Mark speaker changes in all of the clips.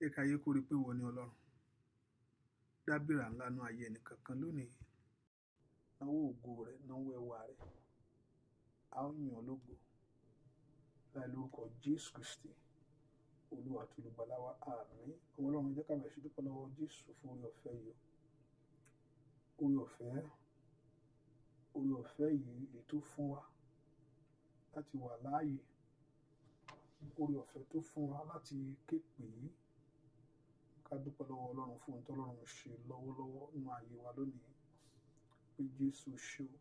Speaker 1: jẹ́ káyé kó rí pé ìwọ ni ọlọ́run dábìrà ńlá nu ayé ẹnìkankan lónìí náwó ògo rẹ náwó ẹwà rẹ a ó yàn lógo láì lórúkọ jésù kristi olúwa tó lù gbàláwa àmín ọmọ ọlọ́run jẹ́ kábẹ̀ ṣe dúpẹ́ lọ́wọ́ jésù fún orí ọ̀fẹ́ yìí orí ọ̀fẹ́ orí ọ̀fẹ́ yìí èyí tó fún wa láti wà láàyè orí ọ̀fẹ́ tó fún wa láti képe yìí ká lọ́wọ́ ọlọ́run fún ohun ṣe lọ́wọ́lọ́wọ́ nínú ayé wa lónìí pé jésù ṣe o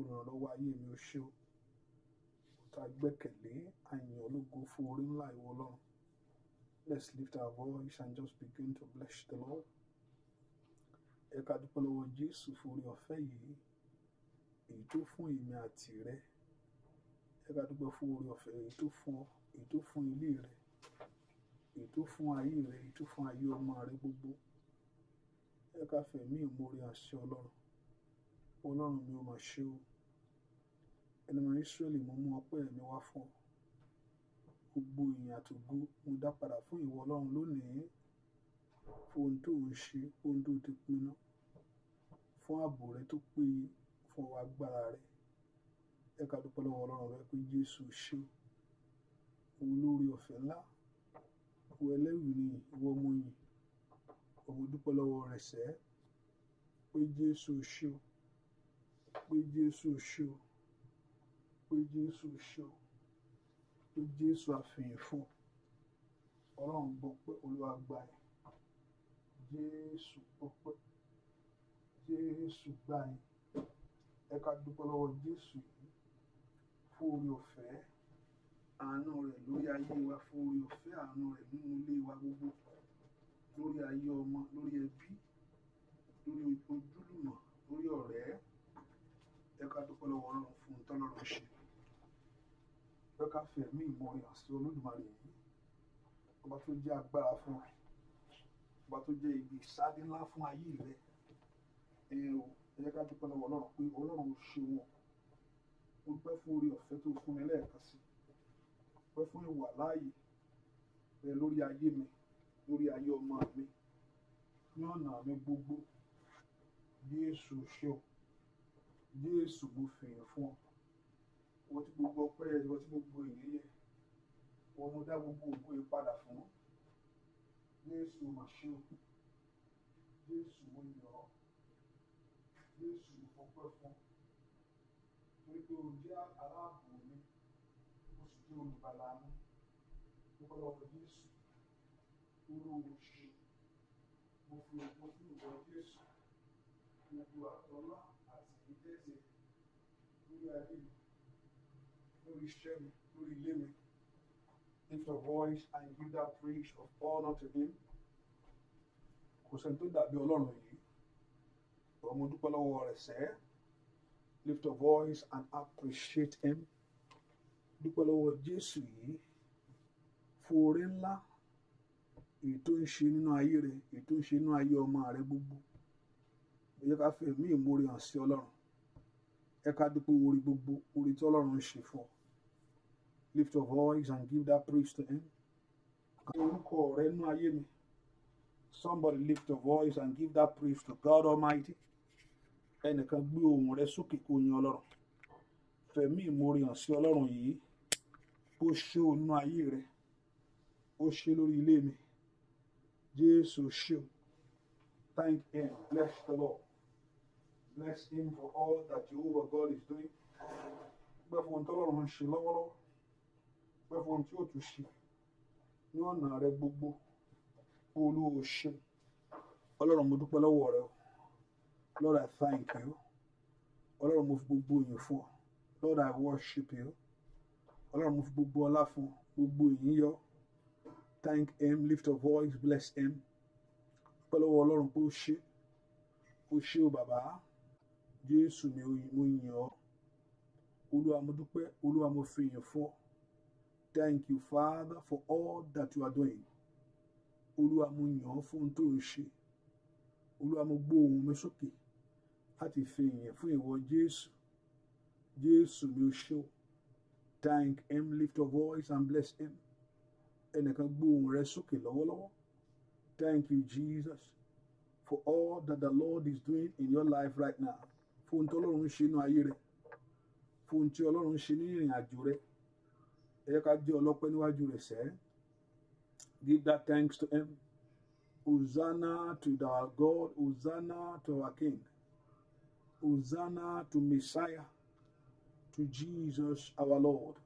Speaker 1: olùrànlọ́wọ́ ayé mi ò ṣe o ta gbẹ́kẹ̀lé àyàn ológo fún orí ńlá ìwọ ọlọ́run let's lift our voice and just begin to bless the lord ẹ ká dúpẹ́ lọ́wọ́ jésù fún orí ọ̀fẹ́ yìí èyí tó fún èmi àti rẹ ẹ ká dúpẹ́ fún orí ọ̀fẹ́ èyí tó fún ọ èyí tó fún ilé rẹ èyí tó fún ayé rẹ èyí tó fún ayé ọmọ rẹ gbogbo ẹ ká fẹ̀mí ìmoore àṣẹ ọlọ́run ọlọ́run mi ò mà ṣe o ẹnìmọ̀ ìsírẹ́lì mo mú ọpẹ́ mi wá fún ọ gbogbo ìyìn àtògo mo dá padà fún ìwọ ọlọ́run lónìí fún ohun tó ń ṣe ohun tó ti pinnu fún ààbò rẹ tó péye fún ọwọ́ agbára rẹ ẹ ká dúpẹ́ lọ́wọ́ ọlọ́run rẹ pé jésù ṣe olórí ọ̀fẹ́ ńlá àpò ẹlẹ́rù ni ìwọ mo yìn ọmọ dúpẹ́ lọ́wọ́ rẹ̀ sẹ́ pé Jésù ṣó pé Jésù ṣó pé Jésù ṣó pé Jésù àfihàn fún ọlọ́run gbọ́ pé olúwa gbà ẹ́ Jésù gbọ́ pé Jésù gbà ẹ́ ẹ ká dúpẹ́ lọ́wọ́ Jésù yìí fún oore ọ̀fẹ́ àánú rẹ̀ lórí ayé wa fún orí ọ̀fẹ́ àánú rẹ̀ nínú ilé wa gbogbo lórí ayé ọmọ lórí ẹbí lórí ojúlùmọ̀ lórí ọ̀rẹ́ ẹ ká dúpẹ́ lọ́wọ́ ọlọ́run fún un tọ́lọ́run ṣe ẹ ká fi ẹ̀mí ìmọ̀ràn àti olódùmarè yìí ọba tó jẹ́ agbára fún rẹ̀ ọba tó jẹ́ ibi ìsáde ńlá fún ayé rẹ̀ ẹ o ẹ jẹ́ ká dúpẹ́ lọ́wọ́ ọlọ́run pé ọlọ́run ò ṣe wọn mo dúpẹ́ fún orí ọ̀fẹ́ tó fún mi lẹ́ẹ̀kan sí i dúpẹ́ fún ìwà rẹ lórí ayé mi lórí ayé ọmọ mi ní ọ̀nà mi gbogbo Jésù ṣe Jésù mo fìyàn fún ọ wọ́n ti gbogbo ọpẹ́ wọ́n ti gbogbo ìyẹyẹ wọ́n mo dá gbogbo ògo yìí padà fún ọ Jésù mà ṣe ọ Jésù mo yọ̀ ọ́ Jésù mo fọpẹ́ fún ọ torí pé o jẹ́ aláàbò. Lift your voice and give that praise of honor to him. Kò sẹ́ni tó dàbí Ọlọ́run yìí. Ọmọ dúpẹ́ lọ́wọ́ rẹ̀ sẹ́. Lift your voice and appreciate him. dúpẹ́ lọ́wọ́ Jésù yìí fún oore ńlá èyí tó ń ṣe nínú ayé rẹ èyí tó ń ṣe nínú ayé ọmọ rẹ gbogbo ẹ jẹ́ ká fẹ̀mí ìmoore hàn sí Ọlọ́run ẹ ká dúpẹ́ oore gbogbo oore tí Ọlọ́run ń ṣe fún ọ lift your voice and give that praise to him. kí orúkọ rẹ nú ayé mi somebody lift your voice and give that praise to God Almighty ẹnìkan gbé ohùn rẹ sókè kó yin Ọlọ́run fẹ̀mí ìmoore sí Ọlọ́run yìí ó ṣe ònú ayé rẹ ó ṣe lórí ilé mi jésù ṣe o thank him bless the lord bless him for all that over god is doing gbẹ fún tọ́lọ́run ń ṣe lọ́wọ́lọ́wọ́ gbẹ fún tí ó tún ṣe ní ọ̀nà rẹ gbogbo olúwo ṣe ọlọ́run mo dúpẹ́ lọ́wọ́ rẹ o lord i thank you ọlọ́run mo fi gbogbo yìn fún ọ lord i worship you ọlọ́run mo fi gbogbo ọlá fún gbogbo ìyìn yọ thank him lift up voice bless him pẹ́ lọ́wọ́ ọlọ́run pé ó ṣe ó ṣe ó bàbá jésù mi mo yìn ọ́ olúwa mo dúpẹ́ olúwa mo fi yìn fún ọ thank you father for all that you are doing olúwa mo yìn ọ́ fún ohun tó ń ṣe olúwa mo gbó ohùn mi sókè láti fi yìn fún ìwọ jésù jésù mi ó ṣe ó. Thank him, lift your voice and bless him. Ẹnì kan gbóhùn rẹ sókè lọ́wọ́lọ́wọ́. Thank you, Jesus, for all that the Lord is doing in your life right now. Fún tí Ọlọ́run ṣe inú ayé rẹ. Fún tí Ọlọ́run ṣe ní ìrìn àjò rẹ. Ẹ sẹ́. Give that thanks to him. Hosanna to our God. Hosanna to our King. Hosanna to Messiah to Jesus our Lord,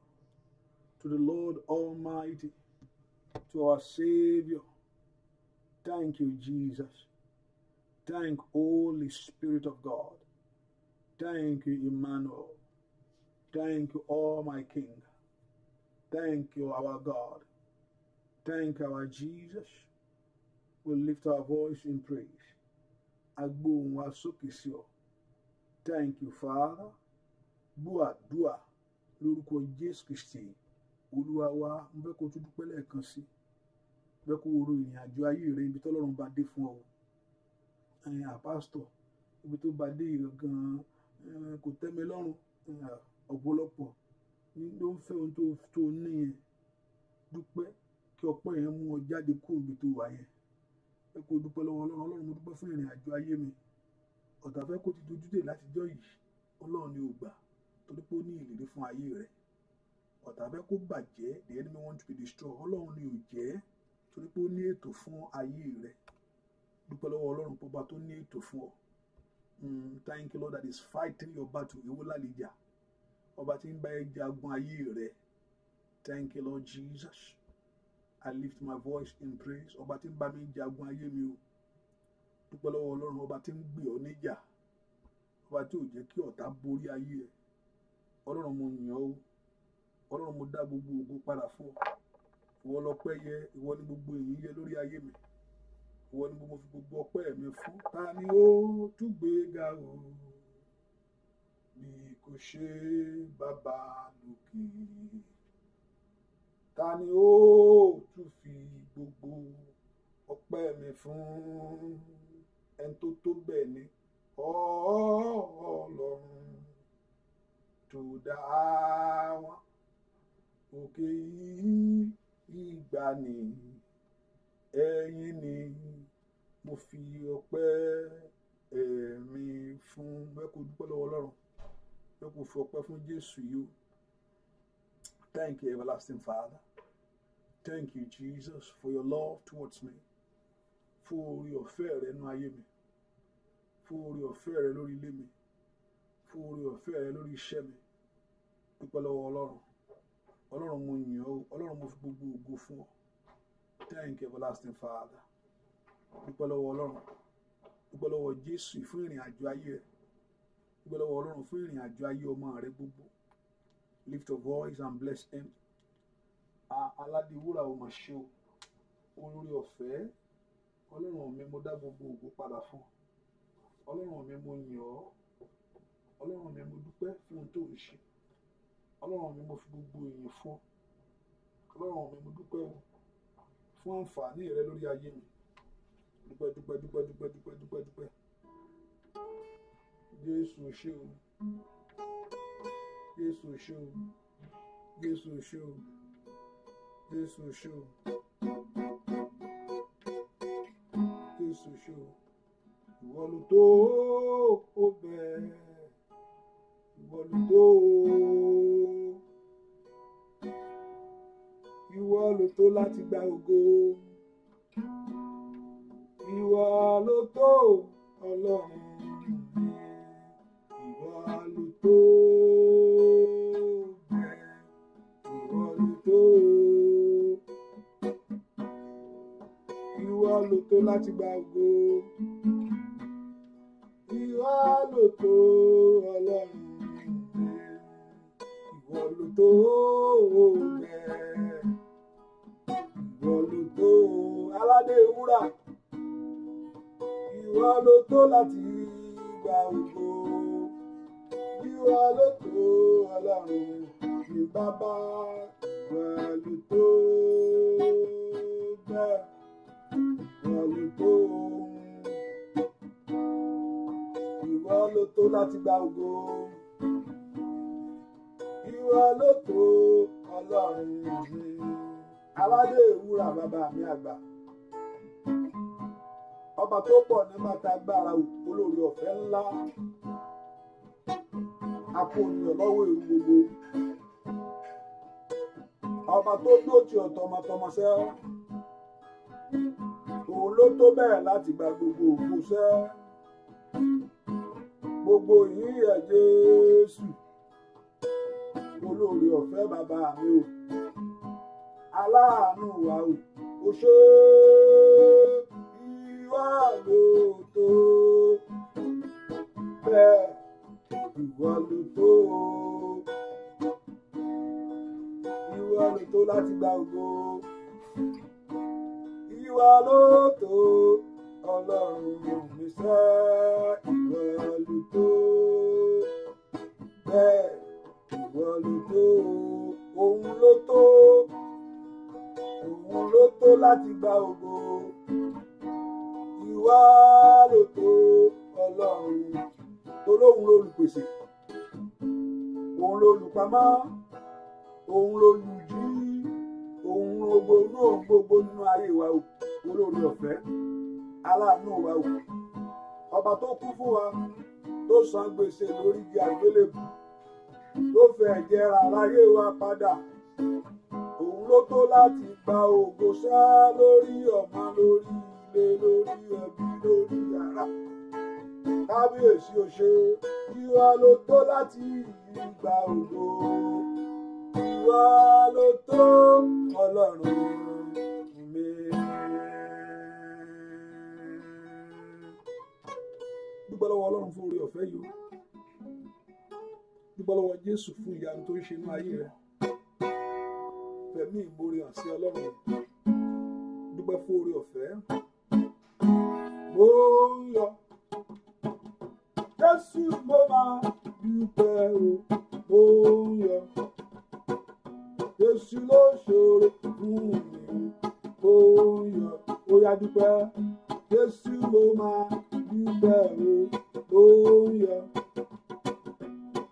Speaker 1: to the Lord Almighty, to our Savior. Thank you, Jesus. Thank Holy Spirit of God. Thank you, Emmanuel. Thank you, all my King. Thank you, our God. Thank our Jesus. We we'll lift our voice in praise. Agbóhùn Thank you, Father. gbọ́ àdúà lórúkọ jésù kristi olúwa wa mo fẹ́ kó tún dúpẹ́ lẹ́ẹ̀kan sí mo fẹ́ kó ro ìrìn àjò ayé rẹ ibi tọ́lọ́run bá dé fún ọ ẹ̀yin àpásítọ̀ ibi tó bá dé gan kò tẹ́mi lọ́rùn ọ̀pọ̀lọpọ̀ ló ń fẹ́ ohun tó ní yẹn dúpẹ́ kí ọpẹ́ yẹn mú ọ jáde kó ibi tó wà yẹn ẹ kó dúpẹ́ lọ́wọ́ ọlọ́run ọlọ́run mo dúpẹ́ fún ìrìn àjò ayé mi ọ̀tá fẹ́ kó ti dojú dé látijọ́ yìí ọlọ́run ni ò gbà torí pé ó ní ìlérí fún ayé rẹ ọ̀tá fẹ́ kó bàjẹ́ the enemy want to be destroyed ọlọ́run ni ò jẹ́ torí pé ó ní ètò fún ayé rẹ dúpẹ́ lọ́wọ́ ọlọ́run pọ́ba tó ní ètò fún ọ hmm, thank you lord that is fighting your battle ìwọ lálejò ọba tí ń bá ẹ jagun ayé rẹ thank you lord jesus i lift my voice in praise ọba tí ń bá mi jagun ayé mi o dúpẹ́ lọ́wọ́ ọlọ́run ọba tí ń gbé ọ níjà ọba tí ò jẹ́ kí ọ̀tá borí ayé ẹ ọlọ́run mo yàn ọ́ ọlọ́run mo dá gbogbo ògo padà fún ọ ìwọ lọpẹ́ yẹ ìwọ ni gbogbo èyí yẹ lórí ayé mi ìwọ ni mo fi gbogbo ọpẹ́ mi fún ta ni ó túgbé ga o bí kò ṣe bàbá lókè ta ni ó tún fi gbogbo ọpẹ́ mi fún ẹni tó tó bẹ́ẹ̀ ni ọlọ́run dàwọn òkè yìí ìgbà ni ẹ̀yin ni mo fi ọpẹ́ ẹ̀mí fún ẹ kò dúpẹ́ lọ́wọ́ Ọlọ́run fi ọpẹ́ fún Jésù yìí thank you everlasting Father thank you Jesus for your love towards me fún orí ọ̀fẹ́ rẹ nú ayé mi fún orí ọ̀fẹ́ rẹ lórí ilé mi fún orí ọ̀fẹ́ rẹ lórí iṣẹ́ mi dúpẹ́ lọ́wọ́ ọlọ́run ọlọ́run mo yìn ọ́ ọlọ́run mo fi gbogbo ògo fún ọ thank you everlasting father dúpẹ́ lọ́wọ́ ọlọ́run dúpẹ́ lọ́wọ́ jésù fún ìrìn àjò ayé rẹ dúpẹ́ lọ́wọ́ ọlọ́run fún ìrìn àjò ayé ọmọ rẹ gbogbo lift your voice and bless him aládìwúrà o mà ṣe o olórí ọ̀fẹ́ ọlọ́run mi mo dá gbogbo ògo padà fún ọlọ́run mi mo yìn ọ́ ọlọ́run mi mo dúpẹ́ fún ohun tó ń ṣe ọlọ́run mi mo fi gbogbo èyí fún ọlọ́run mi mo dúpẹ́ o fún àǹfààní rẹ lórí ayé mi dúpẹ́ dúpẹ́ dúpẹ́ dúpẹ́ dúpẹ́ dúpẹ́ dúpẹ́ jésù ṣé o jésù ṣé o jésù ṣé o jésù ṣé o jésù ṣé o ìwọ tó o bẹ́ẹ̀ ìwọ ló tó o. ìwọ ló tó láti gba ògo ìwọ ló tó ọlọ́run ìwọ ló tó ìwọ ló tó ìwọ ló tó láti gba ògo ìwọ ló tó ọlọ́run ìwọ ló tó bẹ́ẹ̀ aládé wúrà ìwà ló tó láti gba ògo ìwà ló tó ọlọ́run ní bàbá pẹ̀lú tó bẹ́ẹ̀ pẹ̀lú tó ìwà ló tó láti gba ògo ìwà ló tó ọlọ́run ní aládé ìwúra bàbá mi àgbà ọba tó pọ̀ ní bàtàgbára olórí ọ̀fẹ́ ńlá apòyàn lọ́wọ́ ewu gbogbo ọba tó dóòtì ọ̀tọ̀mọtọmọṣẹ́ òun ló tó bẹ́ẹ̀ láti gba gbogbo òkúṣẹ́ gbogbo yìí ẹ̀ Jésù olórí ọ̀fẹ́ bàbá mi o aláàánú wa o ò ṣe ìwà ló tó bẹ́ẹ̀ ìwà ló tó ìwà ló tó láti gba ògo ìwà ló ọlọ́run mi sá ìwà ló bẹ́ẹ̀ ìwà ló òun ló tó ló tó láti gba ògo ìwà ló tó ọlọ́run tolóhùn lólùpèsè òun lólùpamọ́ òun lólùjí òun gbogbo náà gbogbo nínú ayé wa o olórí ọ̀fẹ́ aláàánú wa o ọba tó kú fún wa tó san gbèsè lórí di àgbélébù tó fẹ́ jẹ́ aráyé wa padà òun ló tó láti gba ògo ṣá lórí ọmọ lórí ilé lórí ẹbí lórí ara kábíyèsí òṣè ìwà ló tó láti gba ògo ìwà ló tó ọlọ́run mi. dúpẹ́ lọ́wọ́ ọlọ́run fún oore ọ̀fẹ́ yìí dúpẹ́ lọ́wọ́ jésù fún ìyanu tó ń ṣe inú ayé rẹ̀ fẹ̀mí ìmoore hàn sí ọlọ́run dúpẹ́ fún oore ọ̀fẹ́ mo ń lọ jésù mo máa dúpẹ́ o mo ń lọ jésù ló ṣòro fún mi mo ń lọ ó yá dúpẹ́ jésù mo máa dúpẹ́ o mo ń lọ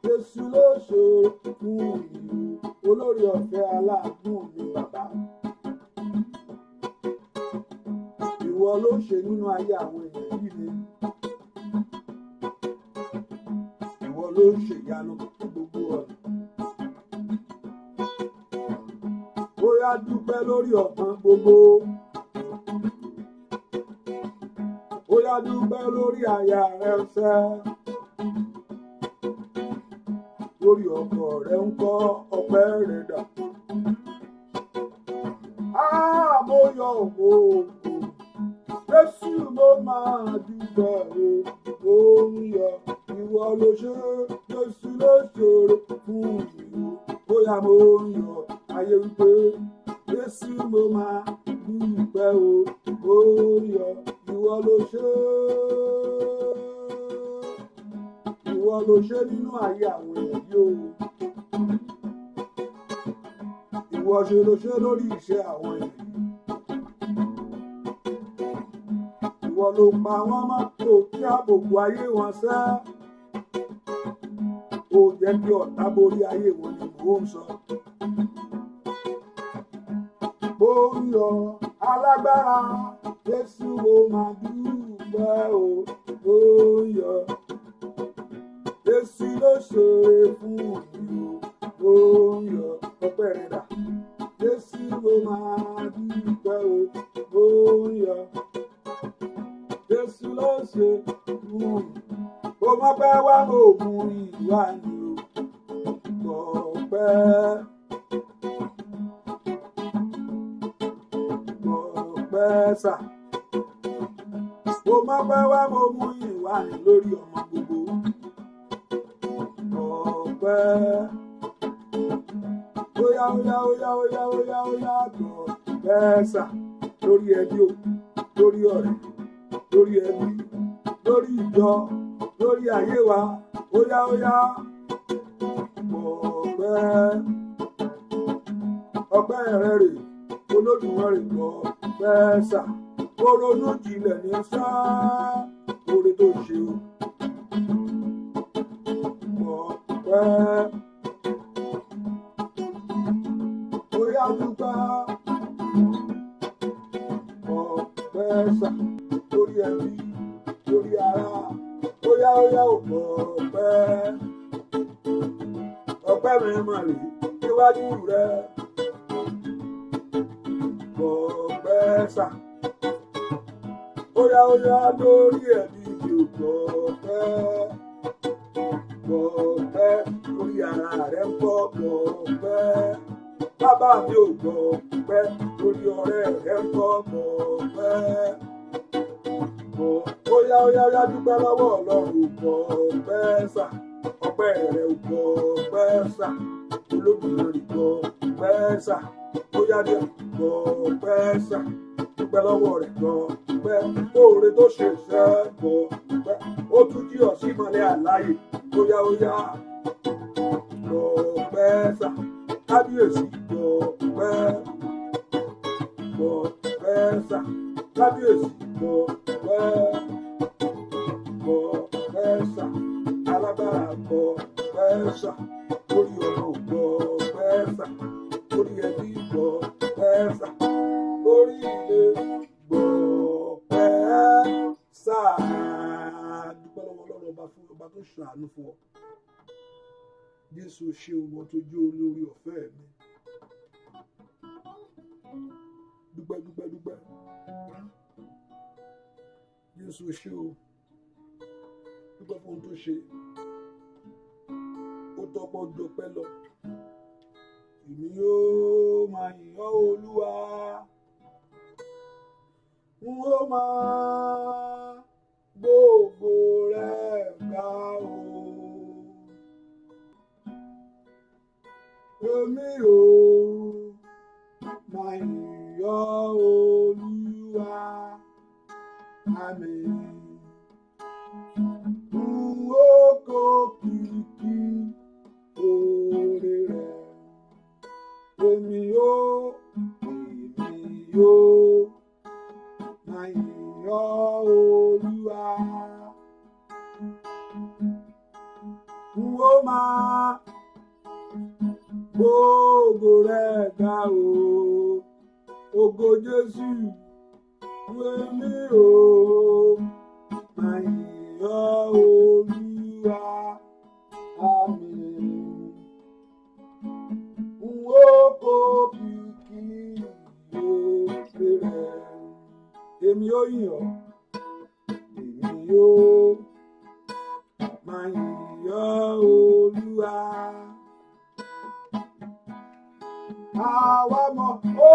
Speaker 1: jésù ló ṣòro fún mi olórí ọ̀fẹ́ aláàánú mi bàbá ìwọ ló ṣe nínú ayé àwọn èèyàn yìí ni ìwọ ló ṣe ìyanu gbogbo ọ̀nà bóyá dúpẹ́ lórí ọ̀kan gbogbo bóyá dúpẹ́ lórí àyà rẹ ṣẹ́ lórí ọkọ rẹ ń kọ́ ọpẹ́ rẹ̀ dà. àbóyọ òwò jésù ló máa dúpẹ́ o òun yọ ìwọ ló ṣe jésù ló ṣòro fún ìlú bóyá mo ń yọ ayé wípé jésù ló máa dúpẹ́ o. ló ṣe lórí iṣẹ́ àwọn yẹn. ìwọ ló pa wọ́n mọ́ tó kí àbòkù ayé wọn sẹ́. ó jẹ́ kí ọ̀tá borí ayé wọn ni mò ń sọ. borí alágbára Jésù ó máa dúpẹ́ o borí Jésù ló ṣe fún mi o borí ọpẹ́ rẹ̀ dà. Jésù ló máa dúpẹ́ o, ó ń yọ. Jésù ló ṣe kúrò, ó mọ́ pẹ́ wá oògùn ìwà ni o, kò pẹ́. Kò óyá óyá óyá óyá óyá óyá gan bẹ́ẹ̀sà lórí ẹbí o lórí ọ̀rẹ́ lórí ẹbí lórí ìjọ lórí ayé wa óyá óyá ọpẹ́ ọpẹ́ rẹ rè olódùmarè gan bẹ́ẹ̀sà oronú jinlẹ̀ ní sáà oore tó ṣe o ọpẹ́. ọ̀pẹ ẹ̀sà lórí ẹbí lórí ara óyá óyá òpó ọ̀pẹ ọ̀pẹ mi mà rè níwájú rẹ ọ̀pẹ ẹ̀sà óyá óyá lórí ẹbí òpó ọ̀pẹ. mi ò gbọ́ pẹ́ lórí ọ̀rẹ́ rẹ̀ ń kọ́ mọ̀ pẹ́. Ó yá ó yá yá dúpẹ́ lọ́wọ́ ọlọ́run kọ́ pẹ́ sà. Ọpẹ́ rẹ̀ ò kọ́ pẹ́ sà. Olóògùn rẹ̀ kọ́ pẹ́ sà. Ó yá ní ọ̀kọ́ pẹ́ sà. Dúpẹ́ lọ́wọ́ rẹ̀ kọ́ pẹ́. Oore tó ṣe ṣẹ́ kọ́ pẹ́. Ó tún jí ọ̀sìn mọ́lẹ̀ àláyé. Ó yá ó yá kọ́ pẹ́ sà kábíyèsí jọ pẹ́ jọ pẹ́ sà kábíyèsí jọ pẹ́ jọ pẹ́ sà alágbára jọ pẹ́ sà orí ọ̀nà jọ pẹ́ sà orí ẹbí jọ pẹ́ sà lórí ilé jọ pẹ́ sà dúpẹ́ lọ́wọ́ ọlọ́run ọba fún ọba tó ṣàánú fún ọ jésù ṣe wọn tó jẹ́ olórí ọ̀fẹ́ mi dúpẹ́ dúpẹ́ dúpẹ́ jésù ṣe o dúpẹ́ fún ohun tó ṣe ó tọ́pọ̀ dúpẹ́ lọ èmi yóò máa yìn ọ́ olúwa n ó máa gbòògbò. èmi ò máa yọ̀ olúwa àmì oko kìkì oore rẹ̀ èmi o èmi ò máa yọ̀ olúwa n máa gbogbo rẹ̀ ga o ògo Jésù wẹ́mí o àyìnbó Olúwa àmín n ó kó kìkì lókè rẹ̀ èmi ó yìn ọ́ èmi yóò máa yìn ọ́ Olúwa àwa mọ̀ ó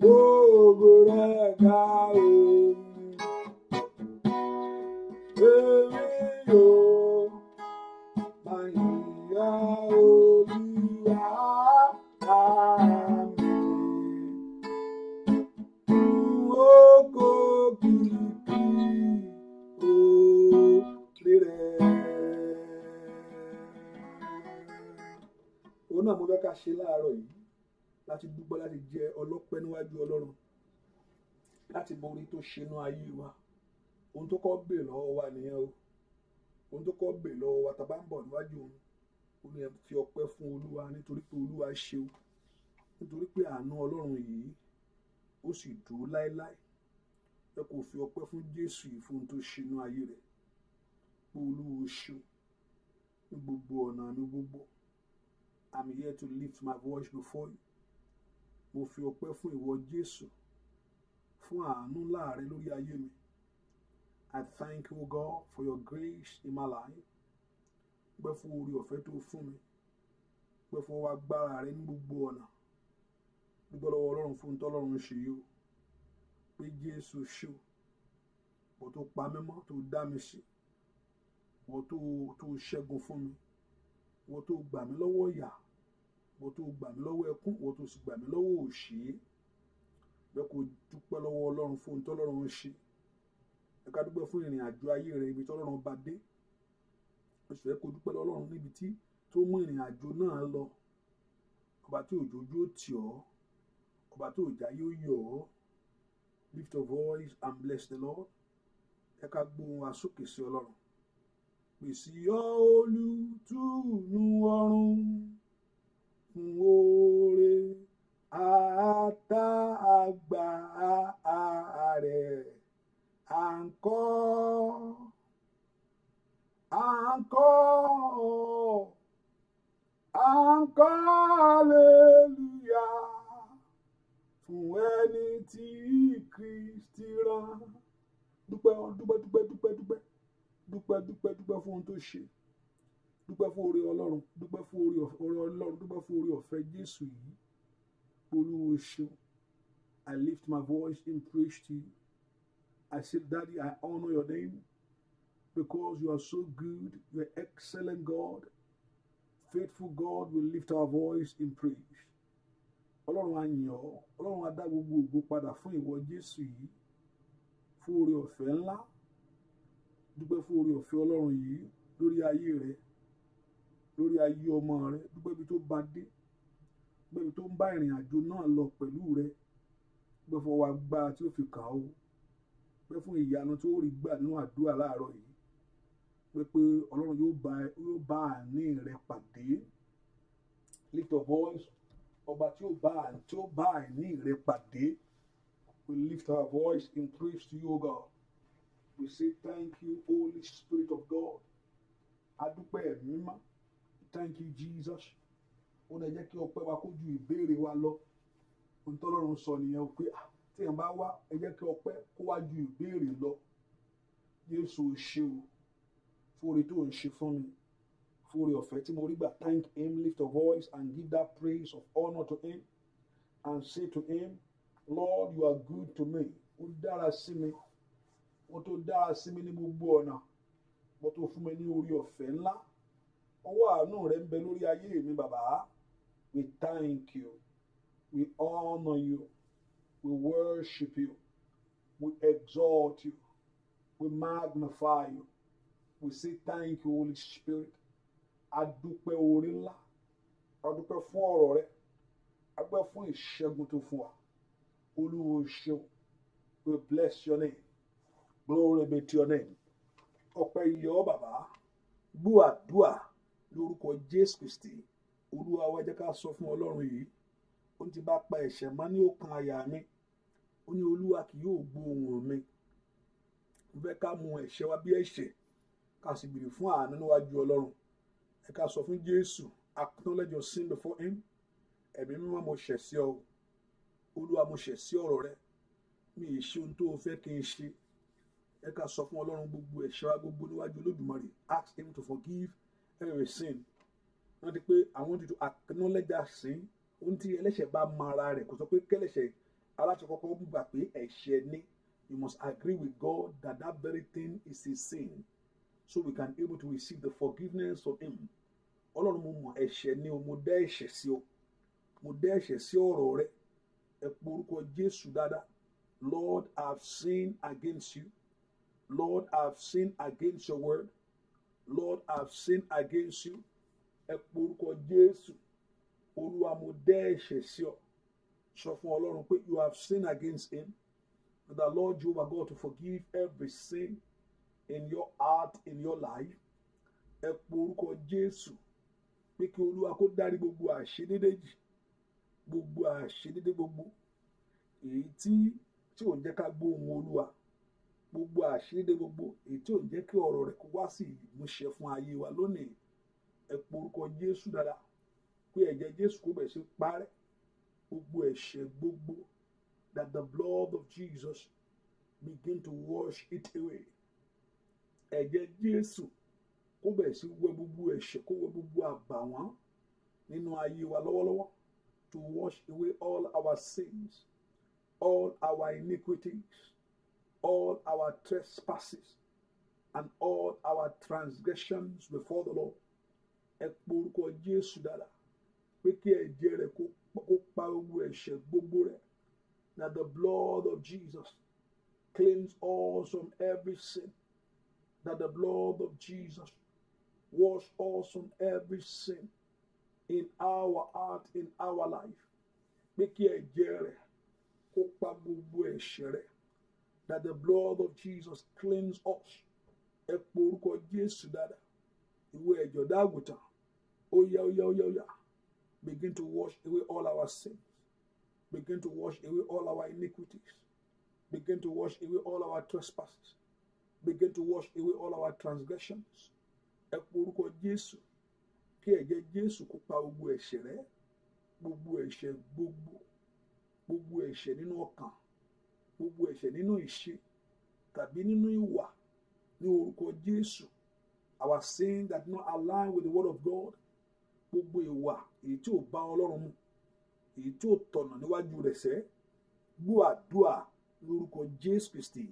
Speaker 1: gbogbo rẹ̀ ga o èmi yóò. náà mo fẹ́ ká ṣe láàárọ̀ yìí láti dúpẹ́ láti jẹ ọlọ́pẹ́ níwájú ọlọ́run láti borí tó ṣenú ayé wa ohun tó kọ́ bè lọ́wọ́ wa nìyẹn o ohun tó kọ́ bè lọ́wọ́ wa tàbá ń bọ̀ níwájú òun òun yẹn fi ọpẹ́ fún olúwa nítorí pé olúwa ṣe o nítorí pé àánú ọlọ́run yìí ó sì dúró láéláé ẹ kò fi ọpẹ́ fún jésù yìí fún ohun tó ṣenú ayé rẹ̀ pé olúwa ṣe ní gbogbo ọ̀nà mi gbogbo. I'm here to lift my voice before you. Mo fi ọpẹ́ fún ìwọ Jésù fún àánú láàrẹ lórí ayé mi. I thank you God for your grace in my life. Pẹ́ fún orí ọ̀fẹ́ tó fún mi. Pẹ́ fún ọwọ́ agbára rẹ ní gbogbo ọ̀nà. Dúpẹ́ lọ́wọ́ Ọlọ́run fún tọ́lọ́run ṣe yìí o. Pé Jésù ṣe o. Wọ́n tó pa mí mọ́ tó dá mi sí. Wọ́n tó ṣẹ́gun fún mi. Wọ́n tó gbà mí lọ́wọ́ ìyà wo tó gbà mí lọ́wọ́ ẹkún wo tó sì gbà mí lọ́wọ́ òṣì bẹ́ẹ̀ kó dúpẹ́ lọ́wọ́ ọlọ́run fún ohun tọ́lọ́run ń ṣe ẹ ká dúpẹ́ fún ìrìn àjò ayé rẹ ibi tọ́lọ́run bá dé ó sì fẹ́ dúpẹ́ lọ́lọ́run níbi tí tó mú ìrìn àjò náà lọ ọba tí òjòjú ó tì ọ́ ọba tó ìjà yóò yọ ọ́ lift your voice and bless the Lord ẹ ká gbóhùn wa sókè sí ọlọ́run pèsè ọ́ olùtùnú ọ̀run kun oore ata àgbà ààrẹ à ń kọ́ à ń kọ́ à ń kọ́ aleluya fún ẹni tí Kristi rán dúpẹ́ dúpẹ́ dúpẹ́ dúpẹ́ dúpẹ́ dúpẹ́ dúpẹ́ fún ohun tó ṣe dúpẹ́ fún oore ọlọ́run dúpẹ́ fún oore ọlọ́run dúpẹ́ fún oore ọ̀fẹ́ jésù yìí olúwo ṣeun i lift my voice in praise to you i say daddy i honour your name because you are so good you are excellent god faithful god will lift our voice in praise ọlọ́run á yìn ọ́ ọlọ́run á dá gbogbo ògo padà fún ìwọ jésù yìí fún oore ọ̀fẹ́ ńlá dúpẹ́ fún oore ọ̀fẹ́ ọlọ́run yìí lórí ayé rẹ̀ lórí ayé ọmọ rẹ dúpẹ́ ibi tó bá dé dúpẹ́ ibi tó ń bá ìrìn àjò náà lọ pẹ̀lú rẹ dúpẹ́ fọwọ́ agbára tí ó fi kàn ó dúpẹ́ fún ìyanu tí ó rí gbà nínú àdúrà láàárọ̀ yìí dúpẹ́ pé ọlọ́run yóò bá àní rẹ pàdé lift your voice ọba tí ó bá tí ó bá àní rẹ pàdé we lift our voice in praise to you God we say thank you Holy Spirit of God adúpẹ́ ẹ̀mí mọ́ thank you jesus ó lè jẹ́ kí ọpẹ́ wa kó ju ìbéèrè wa lọ ohun tọ́lọ́run sọ nìyẹn pé ah, téèyàn bá wá ẹ jẹ́ kí ọpẹ́ kó wá ju ìbéèrè lọ jésù ṣe o fúre tó ń ṣe fún mi fúre ọ̀fẹ́ tí mo rí gbà thank him lift a voice and give that praise of honour to him and say to him lord you are good to me ó dára sí mi ó tó dára sí mi ní gbogbo ọ̀nà mo tó fún mi ní orí ọ̀fẹ́ ńlá ọwọ́ àánú rẹ ń bẹ lórí ayé mi bàbá we thank you we honour you we worship you we exalt you we magnify you we say thank you holy spirit adúpẹ́ orí ńlá adúpẹ́ fún ọ̀rọ̀ rẹ agbẹ́ fún ìṣẹ́gun tó fún wa olúwo ṣeun we bless your name glory be to your name ọpẹ́ yọ bàbá gbúàdúà lórúkọ jésù kristi olúwa wa jẹ́ ká sọ fún ọlọ́run yìí ó ti bá pa ẹ̀ṣẹ̀ mọ́ ní ọkàn àyà mi ó ní olúwa kì yóò gbọ́ ohùn mi mo fẹ́ ká mú ẹ̀ṣẹ̀ wa bí ẹ̀ṣẹ̀ ká sì béèrè fún àánú níwájú ọlọ́run ẹ ká sọ fún jésù acknowledge your sin before him ẹ̀mí mímọ́ mo ṣẹ̀ sí ọ olúwa mo ṣẹ̀ sí ọ̀rọ̀ rẹ mi ì ṣe ohun tó o fẹ́ kí n ṣe ẹ ká sọ fún ọlọ́run gbogbo ẹ̀ṣẹ̀ wa gbogbo níwájú olódùmarè ask him to forgive every sin rántí pé i want you to acknowledge that sin ohun tí ẹlẹ́ṣẹ̀ bá mọ ara rẹ̀ kò sọ pé kẹlẹ́ṣẹ̀ aláṣọkọ́kọ́ gbà pé ẹ̀ṣẹ̀ ni you must agree with God that that very thing is a sin so we can able to receive the forgiveness of him ọlọ́run mo mọ̀ ẹ̀ṣẹ̀ ni o mo dá ẹ̀ṣẹ̀ sí o mo dá ẹ̀ṣẹ̀ sí ọ̀rọ̀ rẹ ẹ pe orúkọ Jésù dáadáa Lord I have sinned against you Lord I have sinned against your word. Lord, I've sinned against you. Ẹ porúkọ Jésù. Olúwa mo dẹ́ ẹ̀ṣẹ̀ sí ọ. Sọ fún Ọlọ́run pé you have sinned against him. And the Lord you Jehovah God to forgive every sin in your heart, in your life. Ẹ porúkọ Jésù. Pé kí Olúwa kó dárí gbogbo àṣedédé jì. Gbogbo àṣedédé gbogbo. Èyí tí tí ò ń jẹ́ ká gbóhùn Olúwa gbogbo àṣírí gbogbo èyí tí ò ń jẹ́ kí ọ̀rọ̀ rẹ̀ kó wá sí ìmúṣẹ fún ayé wa lónìí ẹ porúkọ jésù dáadáa pé ẹ̀jẹ̀ jésù kó bẹ̀ sí parẹ́ gbogbo ẹ̀ṣẹ̀ gbogbo that the blood of Jesus begin to wash it away ẹ̀jẹ̀ jésù kó bẹ̀ sí wẹ gbogbo ẹ̀ṣẹ̀ kó wẹ gbogbo àbàwọ́n nínú ayé wa lọ́wọ́lọ́wọ́ to wash away all our sins all our iniquities. all our trespasses and all our transgressions before the Lord. Jésù dára pé kí ẹ̀jẹ̀ rẹ̀ kó pa owó ẹ̀ṣẹ̀ gbogbo rẹ̀. That the blood of Jesus cleans us from every sin. That the blood of Jesus wash us from every sin in our heart, in our life. Pé kí ẹ̀jẹ̀ rẹ̀ kó pa gbogbo ẹ̀ṣẹ̀ rẹ̀. that the blood of Jesus cleans us ẹ po orúkọ Jésù dáadáa ìwé ẹ̀jọ̀dá àgùntàn oya oya, ó yá begin to wash away all our sins begin to wash away all our iniquities begin to wash away all our trespasses begin to wash away all our transgressions ẹ po orúkọ Jésù kí ẹ̀jẹ̀ Jésù kó pa gbogbo ẹ̀ṣẹ̀ rẹ́ gbogbo ẹ̀ṣẹ̀ gbogbo gbogbo ẹ̀ṣẹ̀ nínú ọkàn gbogbo ẹ̀ṣẹ̀ nínú ìṣe tàbí nínú ìwà ní orúkọ Jésù our sin that not align with the word of God gbogbo ìwà èyí tí ò bá Ọlọ́run mu èyí tí ò tọ̀nà níwájú rẹ̀ sẹ́ gbọ́ àdúà lórúkọ Jésù Kristi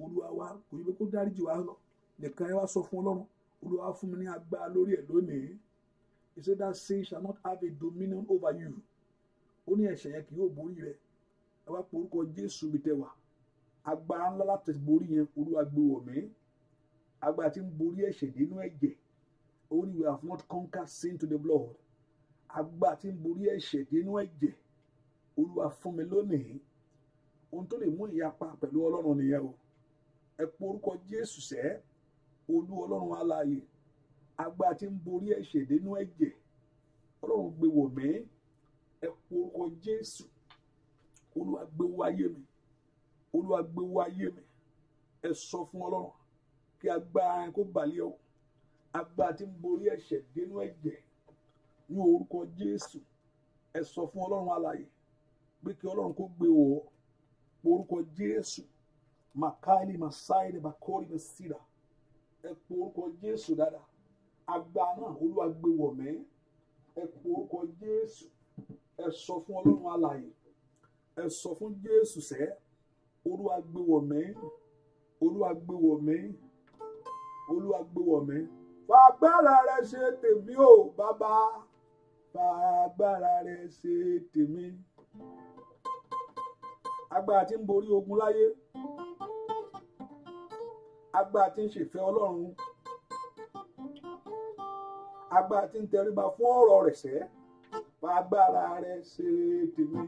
Speaker 1: Olúwa wa kò yí pé kó dáríjì wa lọ nìkan ẹ wá sọ fún Ọlọ́run Olúwa fún mi ní agbára lórí ẹ̀ lónìí he said that sin shall not have a dominion over you ó ní ẹ̀ṣẹ̀ yẹn kì yóò borí rẹ̀ ẹ wá porúkọ jésù bí tẹwà agbára ńlá láti borí yẹn olúwa agbára tí ń borí ẹ̀ṣẹ̀ nínú ẹ̀jẹ̀ òun we have not conquered sin to the blood agbára tí ń borí ẹ̀ṣẹ̀ nínú ẹ̀jẹ̀ olúwa fún mi lónìí ohun tó lè mú ìyapa pẹ̀lú ọlọ́run nìyẹn o ẹ porúkọ jésù sẹ́ olú ọlọ́run alààyè agbára tí ń borí ẹ̀ṣẹ̀ nínú ẹ̀jẹ̀ ọlọ́run gbé ẹ porúkọ jésù olúwa gbé owó ayé mi olúwa gbé owó ayé mi ẹ sọ fún ọlọ́run kí agbára kó balẹ̀ o agbára tí ń borí ẹ̀ṣẹ̀ dénú ẹ̀jẹ̀ ní orúkọ jésù ẹ sọ fún ọlọ́run alààyè pé kí ọlọ́run kó gbé wọ̀ orúkọ jésù màkáìlì màsáìlì bàkọ́rì mẹ́sìlá ẹ pé orúkọ jésù dáadáa agbára náà olúwa gbé ẹ pé orúkọ jésù ẹ sọ fún ọlọ́run alààyè ẹ sọ fún jésù sẹ́ olúwa gbé wọ̀ mí olúwa gbé wọ̀ mí olúwa gbé wọ̀ mí fàgbára rẹ ṣe tèmi o bàbá fàgbára rẹ ṣe tèmi agbára tí ń borí ogun láyé agbára tí ń ṣèfẹ́ ọlọ́run agbára tí ń tẹríba fún ọ̀rọ̀ rẹ̀ sẹ́ fàgbára rẹ ṣe tèmi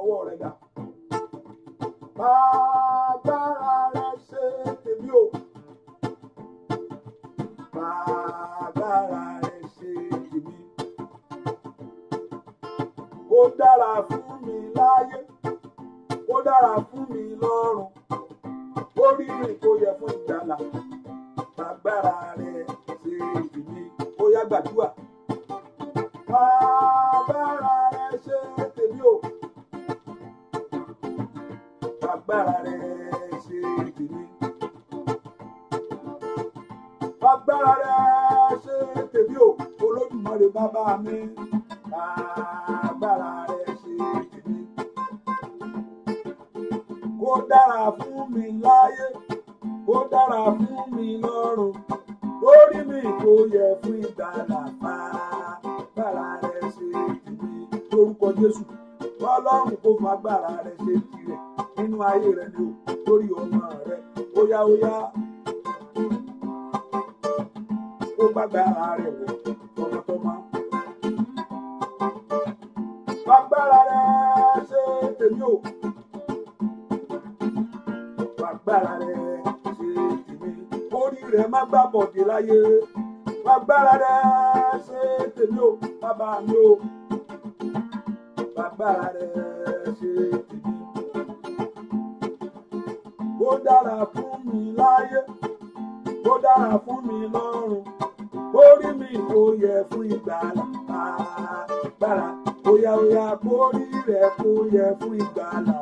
Speaker 1: ọwọ́ rẹ̀ dà. Bàbára rẹ̀ ṣe tèmi o. Bàbára rẹ̀ ṣe tèmi. Ó dára fún mi láyé. Ó dára fún mi lọ́run. Ó rí rìn tó yẹ fún ìjàlá. Bàbára rẹ̀ ṣe tèmi. Ó yá gbàdúrà. fagbára rẹ̀ ṣe tèmi. fagbára rẹ̀ ṣe tèmi o Olódùmarè bàbá mi fagbára rẹ̀ ṣe tèmi. kó dára fún mi láyé kó dára fún mi lọ́run lórí mi kò yẹ fún ìgbàlà fagbára rẹ̀ ṣe tèmi lórúkọ Jésù ọlọ́run kò fagbára rẹ̀ ṣe tèmi nínú ayé rẹ ni o lórí ọmọ rẹ óyá óyá ó gbàgbà rẹ wọ tọmọtọmọ. Agbára rẹ ṣe tèmi o. Agbára rẹ ṣe tèmi. Orí rẹ má gbà bọ̀dé láyé. Agbára rẹ ṣe tèmi o. Bàbá mi o. Agbára rẹ ṣe tèmi ó dára fún mi láyé ó dára fún mi lọ́run ó rí mi kó yẹ fún ìgbàlà gbára óyá óyá kó rí rẹ̀ kó yẹ fún ìgbàlà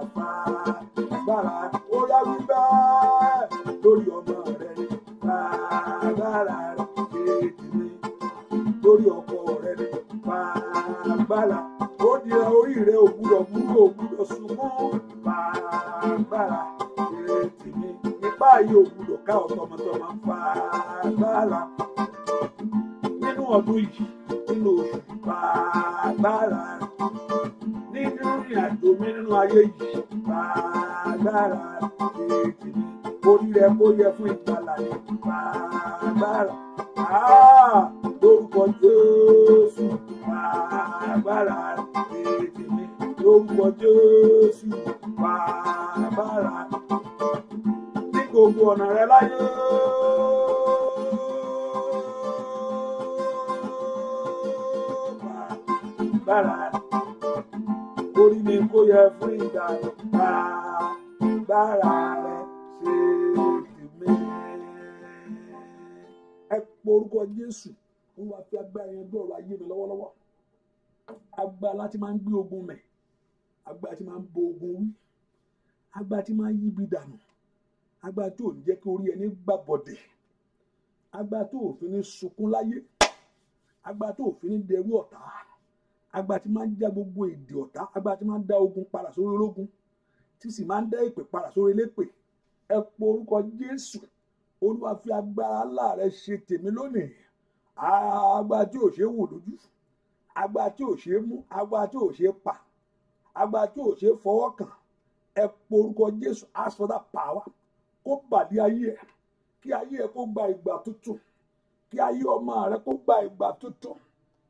Speaker 1: gbára óyá wípé lórí ọmọ rẹ̀ ni gbára rẹ̀ kéèdì mi lórí ọkọ rẹ̀ ni gbára ó di orí rẹ̀ ògbúdọ̀ gbúdọ̀ ògbúdọ̀ sunkún gbára ààyè ògbúdọ̀ ká ọ̀tọ̀mọtọ̀mọ ń fa agbára nínú ọdún yìí nínú oṣù fa agbára nínú ìrìn àjò mi nínú ayé yìí fa agbára ètì mi kó yẹ fún ìgbàlà ní fa agbára lórúkọ Jésù fa agbára ètì lórúkọ Jésù fa agbára gbogbo ọ̀nà rẹ láyé. Bàrà orí ni kò yẹ fún ìgbà bàrà bàrà rẹ ṣe tèmi. Ẹ pọ orúkọ Jésù, ó wá fi agbára yẹn dọ̀rọ̀ ayé mi lọ́wọ́lọ́wọ́. Agbára láti máa ń gbé ogun mẹ̀, agbára tí máa ń bo ogun wí, agbára tí máa ń yí ibi dànù agbára tí ò ní jẹ́ kí orí ẹni gbà bọ̀dẹ̀ agbára tó òfin ní sunkún láyé agbára tó òfin ní dẹrú ọ̀tá agbára tí máa ń já gbogbo èdè ọ̀tá agbára tí máa ń dá ogun padà sórí ológun tí sì máa ń dá èpè padà sórí elépè ẹ po orúkọ Jésù Olúwa fi agbára ńlá rẹ ṣe tèmi lónìí agbára tí ò ṣe wò lójú agbára tí ò ṣe mú agbára tí ò ṣe pa agbára tí ò ṣe fọwọ́ kàn ẹ po orúkọ Jésù ask for that power kó bàlẹ ayé ẹ kí ayé ẹ kó gba ìgbà tuntun kí ayé ọmọ rẹ kó gba ìgbà tuntun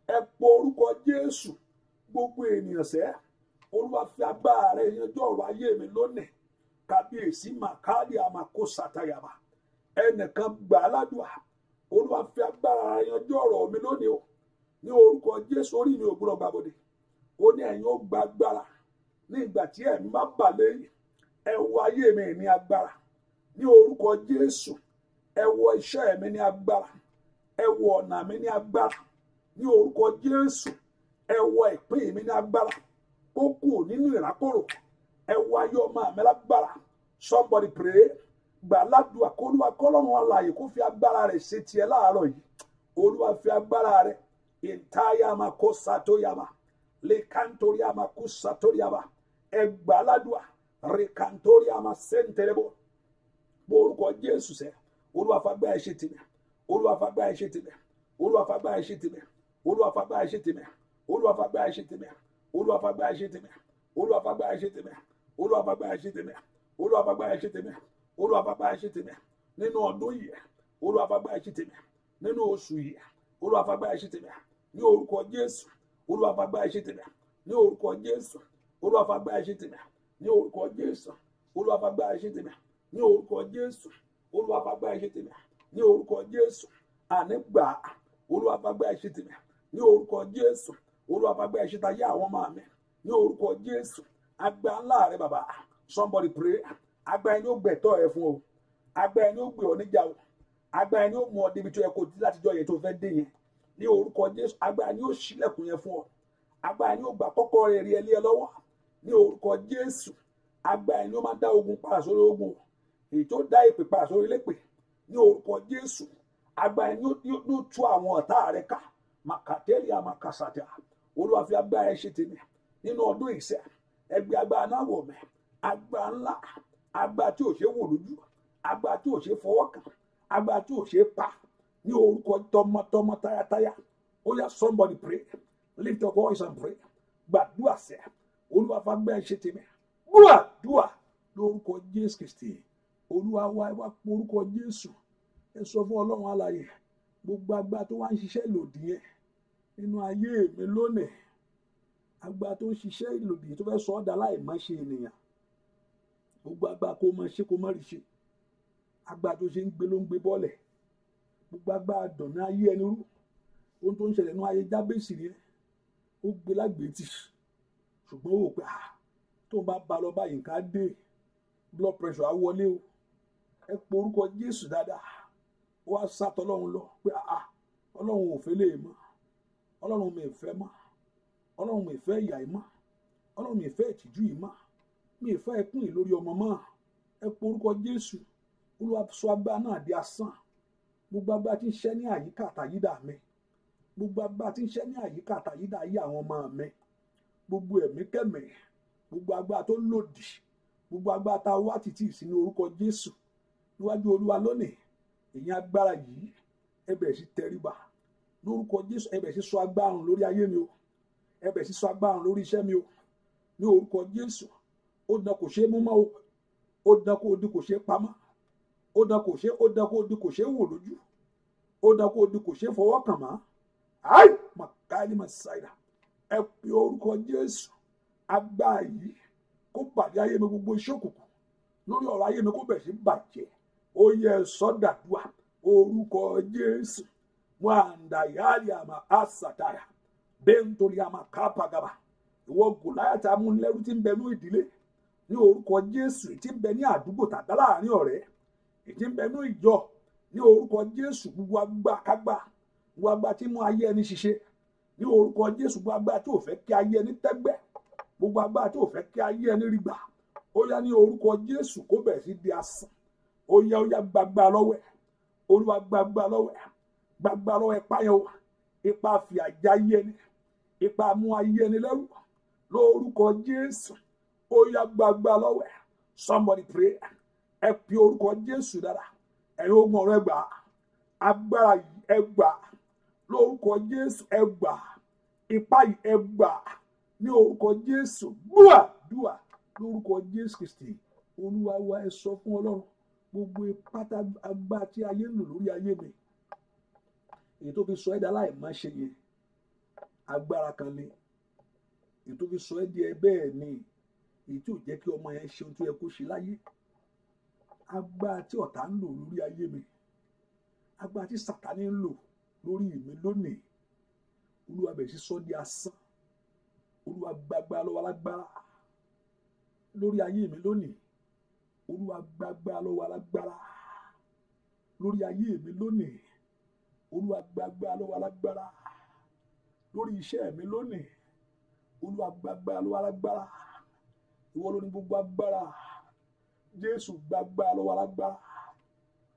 Speaker 1: ẹ pọ orúkọ Jésù gbogbo ènìyàn sẹ Olúwa fi agbára rẹ yanjú ọ̀rọ̀ ayé mi lónìí kábíyèsí màkàlì àmàkó sàtàyàmà ẹnìkan gbà aládùá Olúwa fi agbára rẹ yanjú ọ̀rọ̀ mi lónìí o ní orúkọ Jésù orí mi ò gbúdọ̀ gbàbọ̀dẹ̀ ó ní ẹ̀yin ó gba agbára ní ìgbà tí ẹ̀mí bá bà lẹ́yìn wọ ayé mi ní agbára ní orúkọ Jésù ẹ wọ iṣẹ́ mi ní agbára ẹ wọ ọ̀nà mi ní agbára ní orúkọ Jésù ẹ wọ ìpín mi ní agbára ó kù nínú ìrákòrò ẹ wọ ayé ọmọ mi lágbára somebody pray gbàládùn àkólúwa kọlọ́run alààyè kó fi agbára rẹ̀ ṣe tiẹ̀ láàárọ̀ yìí olúwa fi agbára rẹ̀ ìntayàmà kó sàtóyàmà lẹ́kàntóríàmà kó sàtóyàmà ẹ gbàládùn àrẹ̀kàntóríàmà sẹ́ńtẹ̀rẹ̀bọ̀ orúkọ jésù sẹ olúwa fagbá ẹ ṣe tèmi olúwa fagbá ẹ ṣe tèmi olúwa fagbá ẹ ṣe tèmi olúwa fagbá ẹ ṣe tèmi olúwa fagbá ẹ ṣe tèmi olúwa fagbá ẹ ṣe tèmi olúwa fagbá ẹ ṣe tèmi olúwa fagbá ẹ ṣe tèmi olúwa fagbá ẹ ṣe tèmi olúwa fagbá ẹ ṣe tèmi nínú ọdún yìí olúwa fagbá ẹ ṣe tèmi nínú oṣù yìí olúwa fagbá ẹ ní orúkọ jésù olúwa fagbá ẹ ní orúkọ jésù olúwa fagbá ẹ ní orúkọ jésù olúwa fagbá ẹ ní orúkọ jésù olúwa bá gbá iṣẹ́ tèmi ní orúkọ jésù ànígbà olúwa bá gbá tèmi ní orúkọ jésù olúwa bá gbá iṣẹ́ tayé àwọn ọmọ mi ní orúkọ jésù agbá ńlá bàbá somebody pray agbá ẹni ó gbẹ̀tọ́ ẹ fún o agbá ẹni ó gbé ọ níjà o agbá ẹni ó mú ọ débi tó yẹ kó látijọ́ yẹn tó fẹ́ dé yẹn ní orúkọ jésù agbá ẹni ó ṣílẹ̀kùn yẹn fún ọ agbá ẹni ó gbà kọ́kọ́ rẹ̀ rí ẹ lé ẹ lọ́wọ́ ní orúkọ jésù agbá ẹni ó máa dá ogun padà sórí ogun o èyí tó dá èpè pa àsórí lépè ní orúkọ jésù agbára ni yóò tú àwọn ọ̀tá rẹ ká màkàtẹ́lì àmàkàsàtà olúwa fi agbára ẹ ṣe tèmi nínú ọdún ìṣẹ́ ẹgbẹ́ agbára náà wọ̀ mẹ́ agbára ńlá agbára tí ò ṣe wò lójú agbára tí ò ṣe fọwọ́ kàn agbára tí ò ṣe pa ní orúkọ tọmọtọmọ tayataya ó yá somebody pray lift your voice and pray gbàdúrà sẹ olúwa fagbẹ́ ẹ ṣe tèmi gbúàdúà lórúkọ jésù kristi olúwa wa wá porúkọ jésù ẹ sọ fún ọlọ́run alààyè gbogbo agbá tó wá ń ṣiṣẹ́ lòdì yẹn nínú ayé mi lónìí agbá tó ń ṣiṣẹ́ lòdì tó fẹ́ sọ ọ́ dà láì má ṣe ènìyàn gbogbo agbá kó mọ ṣe kó mọ rí ṣe agbá tó ṣe ń gbé ló ń gbé bọ́ọ̀lẹ̀ gbogbo agbá dọ̀nà ayé ẹni rú ohun tó ń ṣẹlẹ̀ nínú ayé jábèsì rẹ ó gbé lágbèétì ṣùgbọ́n ó wò pé ah, tó ń bá ba báyìí ká dé blood pressure á wọlé o ẹ pọ orúkọ jésù dáadáa wá sátọ ọlọ́run lọ pé àá ọlọ́run ò fẹ́ lè e mọ́ ọlọ́run mi fẹ́ mọ́ ọlọ́run mi fẹ́ ìyà mọ́ ọlọ́run mi fẹ́ ìtìjú mọ́ mi fẹ́ ẹkún ìlórí ọmọ mọ́ ẹ pọ orúkọ jésù olúwa sọ agbá náà di asán gbogbo agbá tí ń ṣẹ́ ní àyíká àtàyídà mi gbogbo agbá tí ń ṣẹ́ ní àyíká àtàyídà ayé àwọn ọmọ mi gbogbo ẹ̀mí kẹ́mẹ̀ gbogbo agbá tó lòdì gbogbo agbá tá a wá títí sí ní orúkọ jésù níwájú olúwa lónìí èyí agbára yìí ẹ bẹ̀rẹ̀ sí tẹríba lórúkọ jésù ẹ bẹ̀rẹ̀ sí sọ agbára run lórí ayé mi o ẹ sí sọ agbára lórí iṣẹ́ mi o ní orúkọ jésù ó dán kò ṣeé mú mọ́ o ó dán kó o di kò ṣeé pamọ́ ó dán kò ṣeé ó dán kó o di kò ṣeé wò lójú ó dán kó o di kò ṣeé fọwọ́ kàn mọ́ ayi màkàlí màsáìdà ẹ pe orúkọ jésù agbára yìí kó bàjẹ́ ayé mi gbogbo iṣẹ́ òkùnkùn lórí ọ̀rọ̀ ayé mi kó bẹ̀rẹ̀ sí bàjẹ́ ó yẹ sọdàdúà orúkọ jésù wàndàyàrí àmà àsàtàrà bẹ́ńtòrí àmà kápagàbà ìwọ gòláyàtà amúnilẹ́rú tí ń bẹ ní ìdílé ní orúkọ jésù tí ń bẹ ní àdúgbò tàbí láàrin ọ̀rẹ́ tí ń bẹ ní ìjọ ní orúkọ jésù gbogbo agbá kágbá gbogbo agbá tí mú ayé ẹni ṣiṣẹ́ ní orúkọ jésù gbogbo agbá tí ò fẹ́ kí ayé ẹni tẹ́gbẹ́ gbogbo agbá tí ò fẹ́ kí ayé ẹni rí gbà ó yá ní orúkọ jésù kó bẹ̀rẹ̀ sí di asán ó yá ó yá gbagba lọ́wọ́ ẹ̀ olúwa gbagba lọ́wọ́ ẹ̀ gbagba lọ́wọ́ ẹ̀ páyọ̀ ni ipa mú ayé ni lẹ́rù lórúkọ jésù ó yá gbagba lọ́wọ́ somebody pray ẹ pe orúkọ jésù dára ẹ̀yin ogun ọ̀rọ̀ ẹgbà agbára yìí ẹgbà lórúkọ jésù ẹgbà ipa yìí ẹgbà ní orúkọ jésù dùà dùà lórúkọ jésù kristi olúwa wa ẹ sọ fún ọlọ́run gbogbo pátá agbá tí ayé ń lò lórí ayé mi èyí tó fi sọ ẹ́ dá láì má ṣe yẹn agbára kan ni èyí tó fi sọ ẹ́ di ẹ bẹ́ẹ̀ ni èyí tí ò jẹ́ kí ọmọ yẹn ṣe ohun tó yẹ kó ṣe láyé agbára tí ọ̀tá ń lò lórí ayé mi agbára tí sàtánì ń lò lórí mi lónìí olúwa bẹ̀rẹ̀ sí sọ di asán olúwa gbàgbà lọ́wọ́ alágbára lórí ayé mi lónìí olúwa gbàgbà lọ́wọ́ alágbára lórí ayé mi lónìí olúwa gbàgbà lọ́wọ́ alágbára lórí iṣẹ́ mi lónìí olúwa gbàgbà lọ́wọ́ alágbára ìwọ ló ní gbogbo agbára jésù gbàgbà lọ́wọ́ alágbára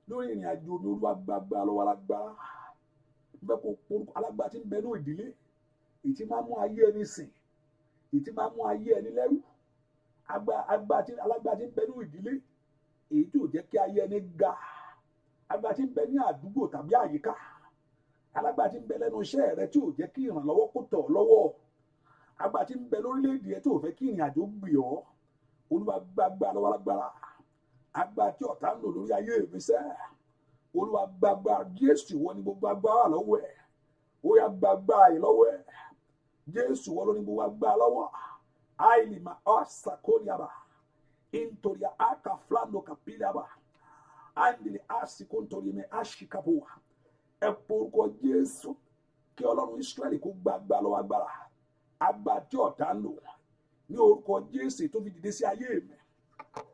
Speaker 1: lórí ìrìn àjò mi olúwa gbàgbà lọ́wọ́ alágbára bẹ́ẹ̀ kó orúkọ alágbára tí ń bẹ ní ìdílé ìtì máa mú ayé ẹni sìn ìtì máa mú ayé ẹni lẹ́rù àgbà àgbà tí alágbà tí ń bẹ ní ìdílé èyí tí ò jẹ́ kí ayé ẹni ga àgbà tí ń bẹ ní àdúgbò tàbí àyíká alágbà tí ń bẹ lẹ́nu iṣẹ́ rẹ tí ò jẹ́ kí ìrànlọ́wọ́ kó tọ̀ lọ́wọ́ àgbà tí ń bẹ lórílẹ̀‐èdè ẹ tí ò fẹ́ kí ìrìn àjò gbì ọ́ olúwa gbàgbà lọ́wọ́ alágbára àgbà ọ̀tá ń lò lórí ayé mi olúwa gbàgbà jésù wọ ni gbogbo agbára lọ́wọ́ ẹ̀ ó yá gbàgbà yìí lọ́wọ́ ẹ̀ jésù wọ ló ní gbogbo agbára lọ́wọ́ ẹ̀ aili maasa koliaba intoria aka flando kapilaba andili asi kontori me ashi kapoa ẹ porúkọ jésù kí ọlọ́run israẹli kó gbàgbà lọ́wọ́ agbára agbá tí ọ̀tá ń lò ní orúkọ jésù tó fi dìde sí ayé me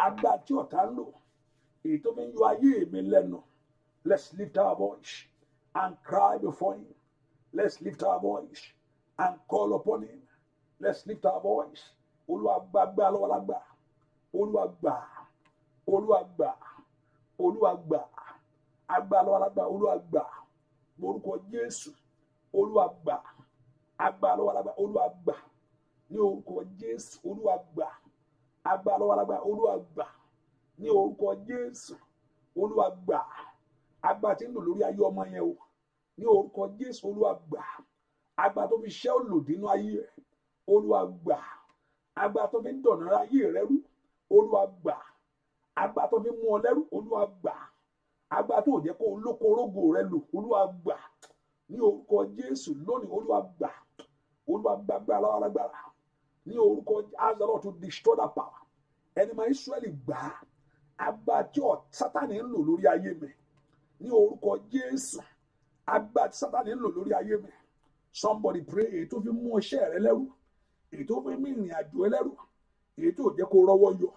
Speaker 1: agbá tí ọ̀tá ń fi ń yọ ayé mi let's lift our voice and cry before him let's lift our voice and call upon him let's lift our voice olúwa gbà gbà lọ́wọ́ lágbára olúwa gbà olúwa gbà olúwa gbà agbà lọ́wọ́ lágbára olúwa gbà orúkọ jésù olúwa gbà agbà lọ́wọ́ lágbára olúwa gbà ní orúkọ jésù olúwa gbà agbà lọ́wọ́ lágbára olúwa gbà ní orúkọ jésù olúwa gbà agbà tí ń lò lórí ayé ọmọ yẹn o ní orúkọ jésù olúwa agbà tó fi ṣẹ́ òlòdì ayé rẹ̀ agbára tó fi ń dọ̀nà ayé rẹ rú olúwa gbà agbára tó fi ń mú ọ lẹ́rú olúwa gbà agbára tó jẹ́ kó olóko orógo rẹ lò olúwa gbà ní orúkọ jésù lónìí olúwa gbà olúwa gbà agbára alágbára ní orúkọ azalọ to destroy that power ẹni máa israẹli gbà agbára tí ọ sátani ń lò lórí ayé mi ní orúkọ jésù agbára tí sátani ń lò lórí ayé mi somebody pray èyí tó fi mú iṣẹ́ rẹ lẹ́rú èyí tó fẹ́ mí ìrìn àjò ẹlẹ́rù èyí tó jẹ́ kó rọ́wọ́ yọ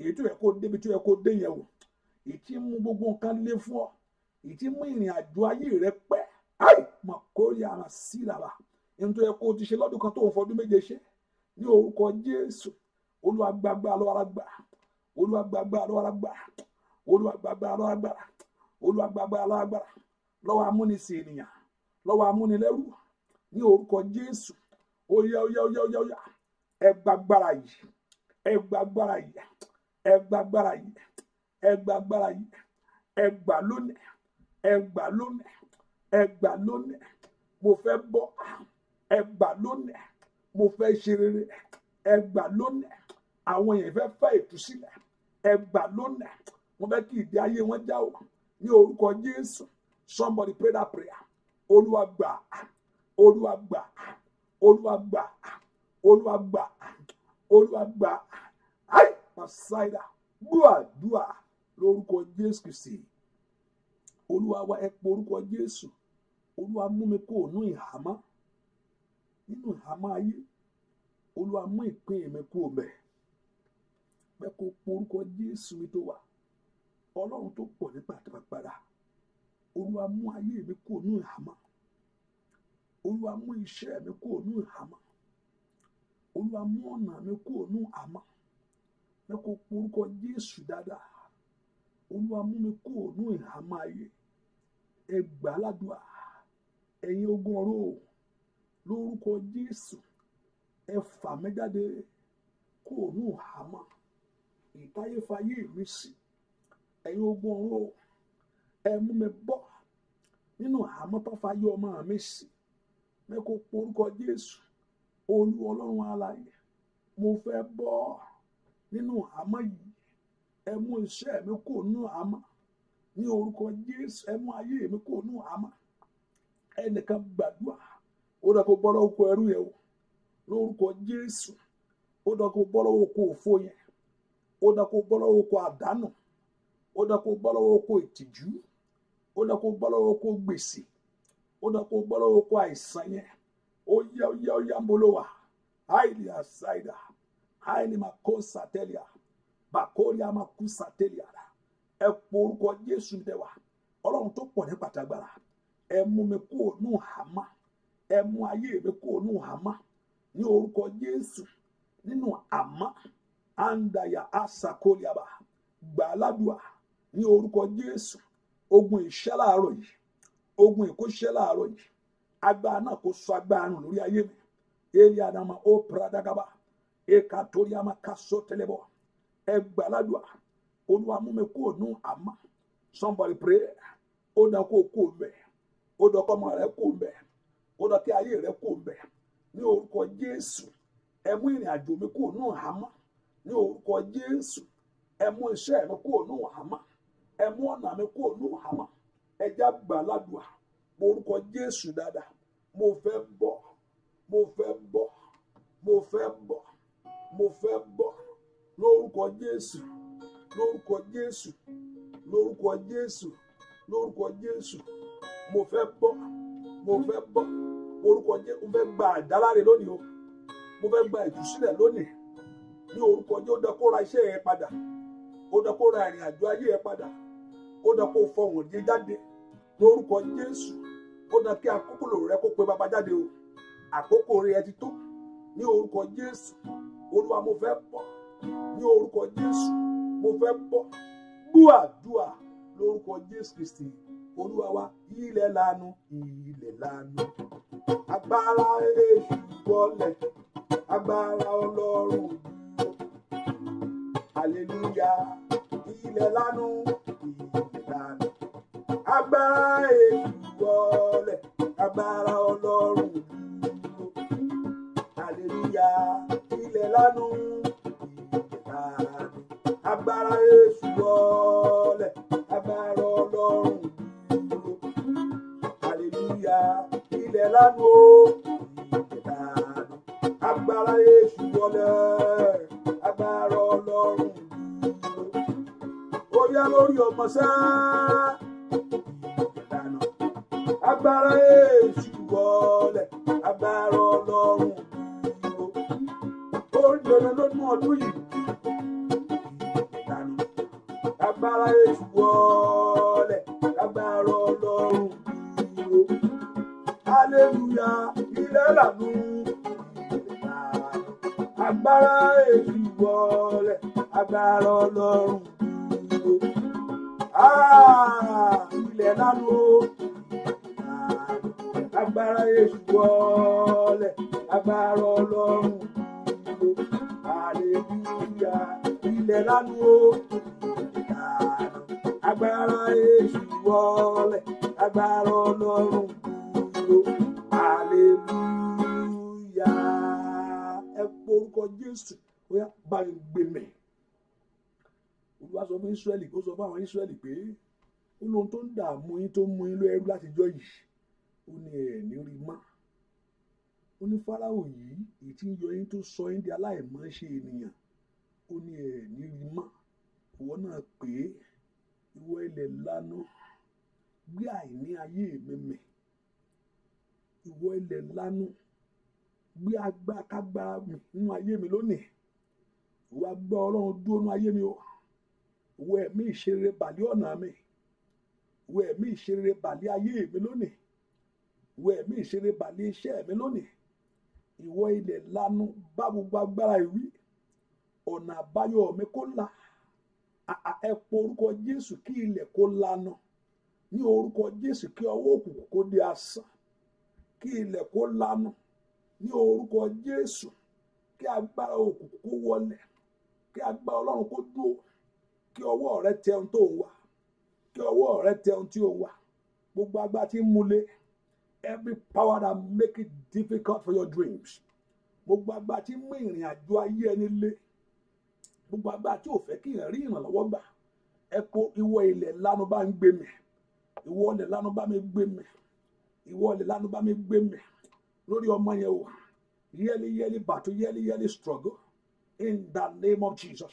Speaker 1: èyí tó yẹ kó débi tó yẹ kó dé yẹn wò èyí tí mú gbogbo nǹkan lé fún ọ èyí tí mú ìrìn àjò ayé rẹ pẹ́ áì mọ̀ kórè ara sí lára ẹni tó yẹ kó ti ṣe lọ́dún kan tó ń fọdún méje ṣe ní orúkọ Jésù olúwagbàgbà alọ́wàràgbà olúwagbàgbà alọ́wàràgbà olúwagbàgbà alọ́wàràgbà olúwagbàgbà alọ́wàràgbà lọ́wọ́ amúnisìn ènìyàn lọ́wọ́ amúnilẹ́rù ní orúkọ Jésù óyá óyá óyá óyá óyá ẹ gbàgbára yìí ẹ gbàgbára yìí ẹ gbàgbára yìí ẹ gbàgbára yìí ẹ gbà lónìí ẹ gbà lónìí ẹ gbà lónìí mo fẹ́ bọ́ ẹ gbà lónìí mo fẹ́ ṣe rere ẹ lónìí àwọn èèyàn fẹ́ fẹ́ ìtúsílẹ̀ ẹ lónìí mo fẹ́ kí ìdí ayé wọn já o ní orúkọ Jésù somebody pray that prayer olúwa gbà olúwa gbà olúwa gbà olúwa gbà olúwa gbà áì pàṣáìdà gbúàdúà lórúkọ jésù kìsì olúwa wa ẹ pọ orúkọ jésù olúwa mú mi kó nú ìhàmọ́ nínú ìhàmọ́ ayé olúwa mú ìpín mi kúrò mẹ pé kó porúkọ jésù mi tó wà ọlọ́run tó pọ̀ nípa àtàpàpàdà olúwa mú ayé mi kúrò nú ìhàmọ́ olúwa mú iṣẹ́ mi kúrò ní ìhámọ́ olúwa mú ọ̀nà mi kúrò ní àmọ́ mẹ́kọ̀ọ́ porúkọ jésù dáadáa olúwa mú mi kúrò ní ìhámọ́ ayé ẹgbàá ládùá ẹ̀yin ogun ọ̀rọ̀ lórúkọ jésù ẹ fà mí jáde kúrò ní ìhámọ́ ìtayéfayé mi sí ẹ̀yin ogun ọ̀rọ̀ ẹ mú mi bọ́ nínú àhámọ́ ọmọ mi sí pé kó porúkọ jésù olú ọlọ́run alààyè mo fẹ́ bọ́ nínú àmọ́ yìí ẹ mú iṣẹ́ mi kò nú àmọ́ ní orúkọ jésù ẹ mú ayé mi kò nú àmọ́ ẹnìkan gbàdúrà ó dà kó bọ́lá oko ẹrú yẹn o lórúkọ jésù ó dà kó bọ́lá oko òfo yẹn ó dà kó bọ́lá oko àdánù ó dà kó bọ́lá oko ìtìjú ó dà kó bọ́lá oko gbèsè ụdọ ka ụgbọrọ okwu anyị sanye oya oya oya mbolowa haili asaida haili makosatelia bakoria makusatelia ẹ po orúkọ jésù tẹwà ọlọ́run tó pọ̀ ní pàtàgbára ẹ mú mi kúrò nù hàmá ẹ mú ayé mi kúrò nù hàmá ní orúkọ jésù nínú àmá àǹdàyà àṣàkóríaba gbàládùá ní orúkọ jesu ogun ìṣẹ́ láàárọ̀ yìí ogun yìí kó yìí agbára náà kó sọ agbára nù lórí ayé mi eri adama ó pradagaba eka torí ama ká tẹlẹbọ ẹgbàládùá olúwa mú mi nù àmà somebody pray ó dàn kó kó mbẹ ó dàn kọ́ ọmọ rẹ kó mbẹ ó dàn kí ayé rẹ kó mbẹ ní orúkọ Jésù ẹ mú ìrìn àjò mi kúrò nù àmà ní orúkọ Jésù ẹ mú mi kúrò nù àmà ẹ ọ̀nà mi kúrò nù àmà ẹja gbà ládùá mo orúkọ Jésù dáadáa mo fẹ́ bọ́ mo fẹ́ bọ́ mo fẹ́ bọ́ mo fẹ́ bọ́ lórúkọ Jésù lórúkọ Jésù lórúkọ Jésù lórúkọ Jésù mo fẹ́ bọ́ mo fẹ́ bọ́ orúkọ Jésù mo fẹ́ gba àdáláre lónìí o mo fẹ́ gba ìtúsílẹ̀ lónìí ní orúkọ Jésù ó dẹ kó ra iṣẹ́ yẹn padà ó dẹ kó ra ìrìn àjò ayé yẹn padà ó dá kó fọ wọn jẹ jáde lórúkọ jésù ó dá kí àkókò rẹ kó pe bàbá jáde o àkókò rẹ ti tó ní orúkọ jésù olúwa mo fẹ́ bọ́ ní orúkọ jésù mo fẹ́ bọ́ gbúà dùà lórúkọ jésù kristi olúwa wa ilẹ̀ lanu ilẹ̀ lanu agbára èṣù bọ́lẹ̀ agbára ọlọ́run hallelujah ilẹ̀ lanu ilẹ̀ dànù agbára èlù ọlẹ̀ agbára ọlọ́run dúró àlèlúyà ilẹ̀ lánú ìjẹta ni agbára èṣù ọlẹ̀ agbára ọlọ́run dúró àlèlúyà ilẹ̀ lánú ìjẹta ni agbára èṣù ọlẹ̀ agbára ọlọ́run dúró kọjá lórí ọmọ sá. ìlànà agbára èṣù wọlé agbára ọlọ́run dúró. ó ń dọ̀nà lọ́dún ọdún yìí. ìlànà agbára èṣù wọlé agbára ọlọ́run dúró. aleluya ilẹ̀ lànà agbára èṣù wọlé agbára ọlọ́run dúró. ilẹ̀ lánàá agbára èṣù wọlẹ̀ agbára ọlọ́run àlèkúyà ilẹ̀ lánàá agbára èṣù wọlẹ̀ agbára ọlọ́run àlèkúyà ẹ porúkọ Jésù ó yá bá olúwa sọ fún israẹli ó sọ fún àwọn israẹli pé ó lóhun tó ń dààmú yín tó ń mú yín lọ ẹrú látijọ́ yìí ó ní ẹ̀ ní rí mọ́ ó ní fáráò yìí èyí tí ń yọ yín tó sọ yín di aláìmọ́ṣe ènìyàn ó ní ẹ̀ ní rí mọ́ ìwọ náà pé ìwọ ilẹ̀ lánà gbé àìní ayé mẹ́mẹ́ ìwọ ilẹ̀ lánà gbé agbákágbá mi nínú ayé mi lónìí ìwọ agbá ọlọ́run dúró nínú ayé mi o wo ẹ̀mí ìṣeré bàlẹ́ ọ̀nà mi wo ẹ̀mí ìṣeré bàlẹ́ ayé mi lónìí wo ẹ̀mí ìṣeré bàlẹ́ iṣẹ́ mi lónìí ìwọ ilẹ̀ lanu bá gbogbo agbára ìwí ọ̀nà àbáyọ mi kó là ẹ po orúkọ Jésù kí ilẹ̀ kó lanu ní orúkọ Jésù kí ọwọ́ òkùnkùn kó di asán kí ilẹ̀ kó lanu ní orúkọ Jésù kí agbára òkùnkùn kó wọlẹ̀ kí agbára Ọlọ́run kó dúró kí ọwọ́ rẹ tẹ ohun tó ń wà kí ọwọ́ rẹ tẹ ohun tí ó wà gbogbo agbá tí ń múlé every power that make it difficult for your dreams gbogbo agbá tí ń mú ìrìn àjò ayé ẹni lé gbogbo agbá tí ò fẹ́ kí ìrìn rí ìrànlọ́wọ́ gbà ẹ kó ìwọ ilẹ̀ lánàá bá ń gbé mi ìwọ ilẹ̀ lánàá bá mi gbé mi ìwọ ilẹ̀ lánàá bá mi gbé mi lórí ọmọ yẹn o yearly yearly battle yearly yearly struggle in the name of Jesus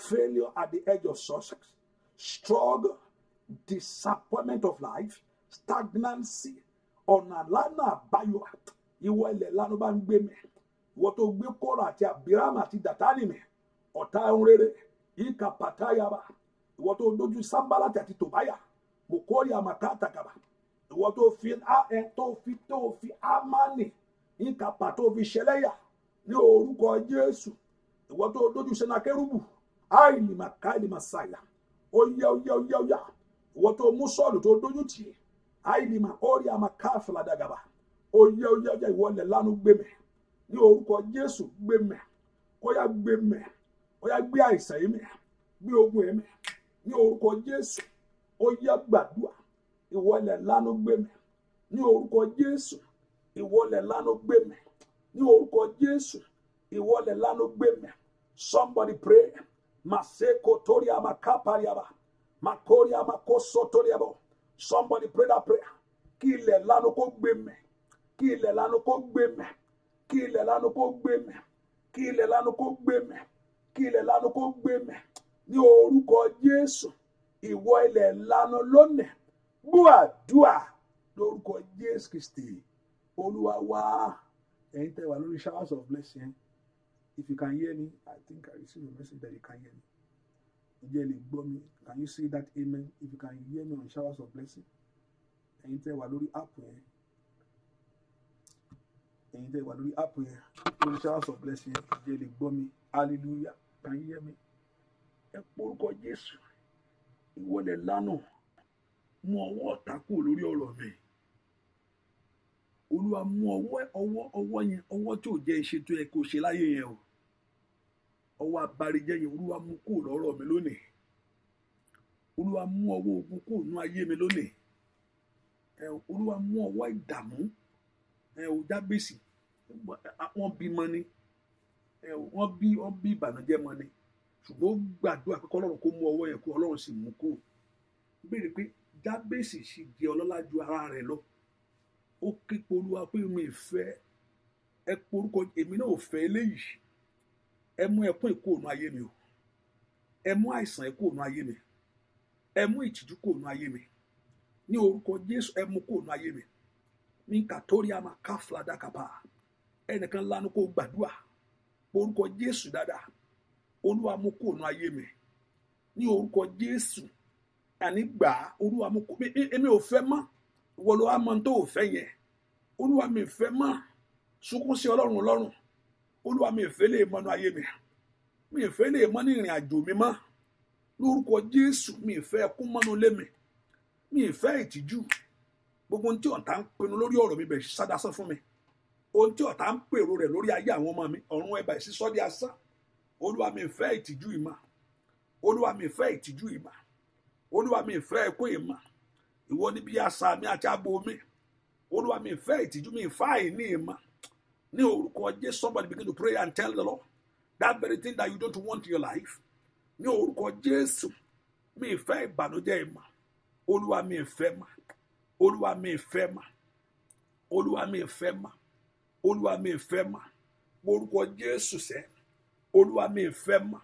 Speaker 1: failure at the edge of success, struggle, disappointment of life, stagnancy, ọ̀nà lánà àbáyọ ìwọ ilẹ̀ lánà bá ń gbé mi ìwọ tó gbé kóra àti abiram àti dàtánì mi ọ̀tá ohun rere ìka pàtàyàbà ìwọ tó dojú sábàlátì àti tòbáyà mo kórè àmàkà àtàkàbà ìwọ tó fi ahẹ́n tó fi tó fi amánì ìka pàtó fi ṣẹlẹ́yà ní orúkọ jésù ìwọ tó dojú sẹ́nakẹ́rùbù àìlì màkàlì màsàyà ó yá oya oya. ó yá ó yá wọ́n tó mú sọ́ọ̀lù tó dójú tì í àìlì màkọ́rì àmàkáfìlà dàgàbà ó yá ó yá ó yá ìwọlẹ̀ lánàá gbẹmẹ̀ ní orúkọ me. gbẹmẹ̀ kọ́yà gbẹmẹ̀ kọ́yà gbé àìsàn yìí mẹ̀ gbé ogun yìí mẹ̀ ní orúkọ Jésù ó yá gbàdúrà ìwọlẹ̀ lánàá gbẹmẹ̀ ní orúkọ Jésù ìwọlẹ̀ lánàá gbẹmẹ̀ ní orúkọ Jésù ìwọlẹ̀ lánàá gbẹmẹ̀ somebody pray. Maseko Toriama Kapariaba. Makoriama Koso Toriabo. Somebody pray that prayer. Kí ilẹ̀ lánàá kó gbé mẹ́. Kí ilẹ̀ lánàá kó gbé mẹ́. Kí ilẹ̀ lánàá kó gbé mẹ́. Iwo ilẹ̀ lánàá kó gbé dua. Kí ilẹ̀ lánàá kó gbé mẹ́. Ní orúkọ Jésù, ìwọ Kristi. Olúwa wá ẹ̀yin tẹ́ showers of blessing. If you can hear me, I think I received a message that you can hear me. Ǹjẹ́ lè Can you see that amen? If you can hear me on showers of blessing. Ẹ̀yin tẹ́ wà lórí app yẹn. Ẹ̀yin tẹ́ wà lórí app yẹn. Lórí showers of blessing yẹn. Ǹjẹ́ lè Hallelujah. Can you hear me? Ẹ porúkọ Jésù. Ìwọ́lẹ̀ lánàá. Mú ọwọ́ ọ̀tá kúrò lórí ọ̀rọ̀ mi olúwa mú ọwọ́ ọwọ́ ọwọ́ yẹn ọwọ́ tí ò jẹ́ ṣe tó yẹ ṣe láyé yẹn o ọwọ́ abarijẹ́ yẹn olúwa mú kó lọ́rọ̀ mi lónìí olúwa mú ọwọ́ ogun kó nú ayé mi lónìí olúwa mú ọwọ́ ìdààmú ọjà gbèsè wọ́n bí mọ́ ni wọ́n bí wọ́n bí ìbànújẹ́ mọ́ ni ṣùgbọ́n ó gbàdúrà pé kọ́lọ́run kó mú ọwọ́ yẹn kó ọlọ́run sì mú kó béèrè pé jábèsì sì di ọlọ́lá ju ara rẹ̀ lọ ó ké polúwa pé mi fẹ́ ẹ porúkọ èmi náà ò fẹ́ eléyìí ẹ mú ẹkún ìkó ònú ayé mi o ẹ mú àìsàn ẹkó ònú ayé mi ẹ mú ìtìjú kó ònú ayé mi ní orúkọ Jésù ẹ mú kó ònú ayé mi ní kàtórí àmà káfíńdà kápá ẹnìkan lanu kó gbàdúrà orúkọ Jésù dáadáa olúwa mú kó ònú ayé mi ní orúkọ Jésù àní gbà olúwa mú kó èmi ò fẹ́ mọ́ wọ́n lọ́wọ́ tó ò fẹ́ yẹn olúwa mi fẹ́ mọ́ sunkún sí ọlọ́run ọlọ́run olúwa mi ìfẹ́ lè mọ́nú ayé mi mi ìfẹ́ lè mọ́ ní ìrìn àjò mi mọ́ lórúkọ jésù mi ìfẹ́ ẹkún mọ́nú lé mi mi ìfẹ́ ìtìjú gbogbo ohun tí ọ̀tá ń pinnu lórí ọ̀rọ̀ mi bẹ̀ sádásán fún mi ohun tí ọ̀tá ń pèrò rẹ̀ lórí ayé àwọn ọmọ mi ọ̀run ẹ̀bà ìsísọ́ di asán olúwa mi ìfẹ́ ìtìjú ìmọ̀ olúwa mi ìfẹ́ ìtìjú ìmọ̀ olúwa mi ìfẹ́ ẹkún ìmọ̀ ìwọ ni bí asà mi àti abo mi olúwa mi ìfẹ́ ìtìjú mi ìfẹ́ àìní ìmọ̀ ní orúkọ Jésù somebody begin to pray and tell the Lord that very thing that you don't want in your life ní orúkọ Jésù mi ìfẹ́ ìbànújẹ́ ìmọ̀ olúwa mi ìfẹ́ mà olúwa mi ìfẹ́ mà olúwa mi ìfẹ́ mà olúwa mi ìfẹ́ mà orúkọ Jésù sẹ́ olúwa mi ìfẹ́ mà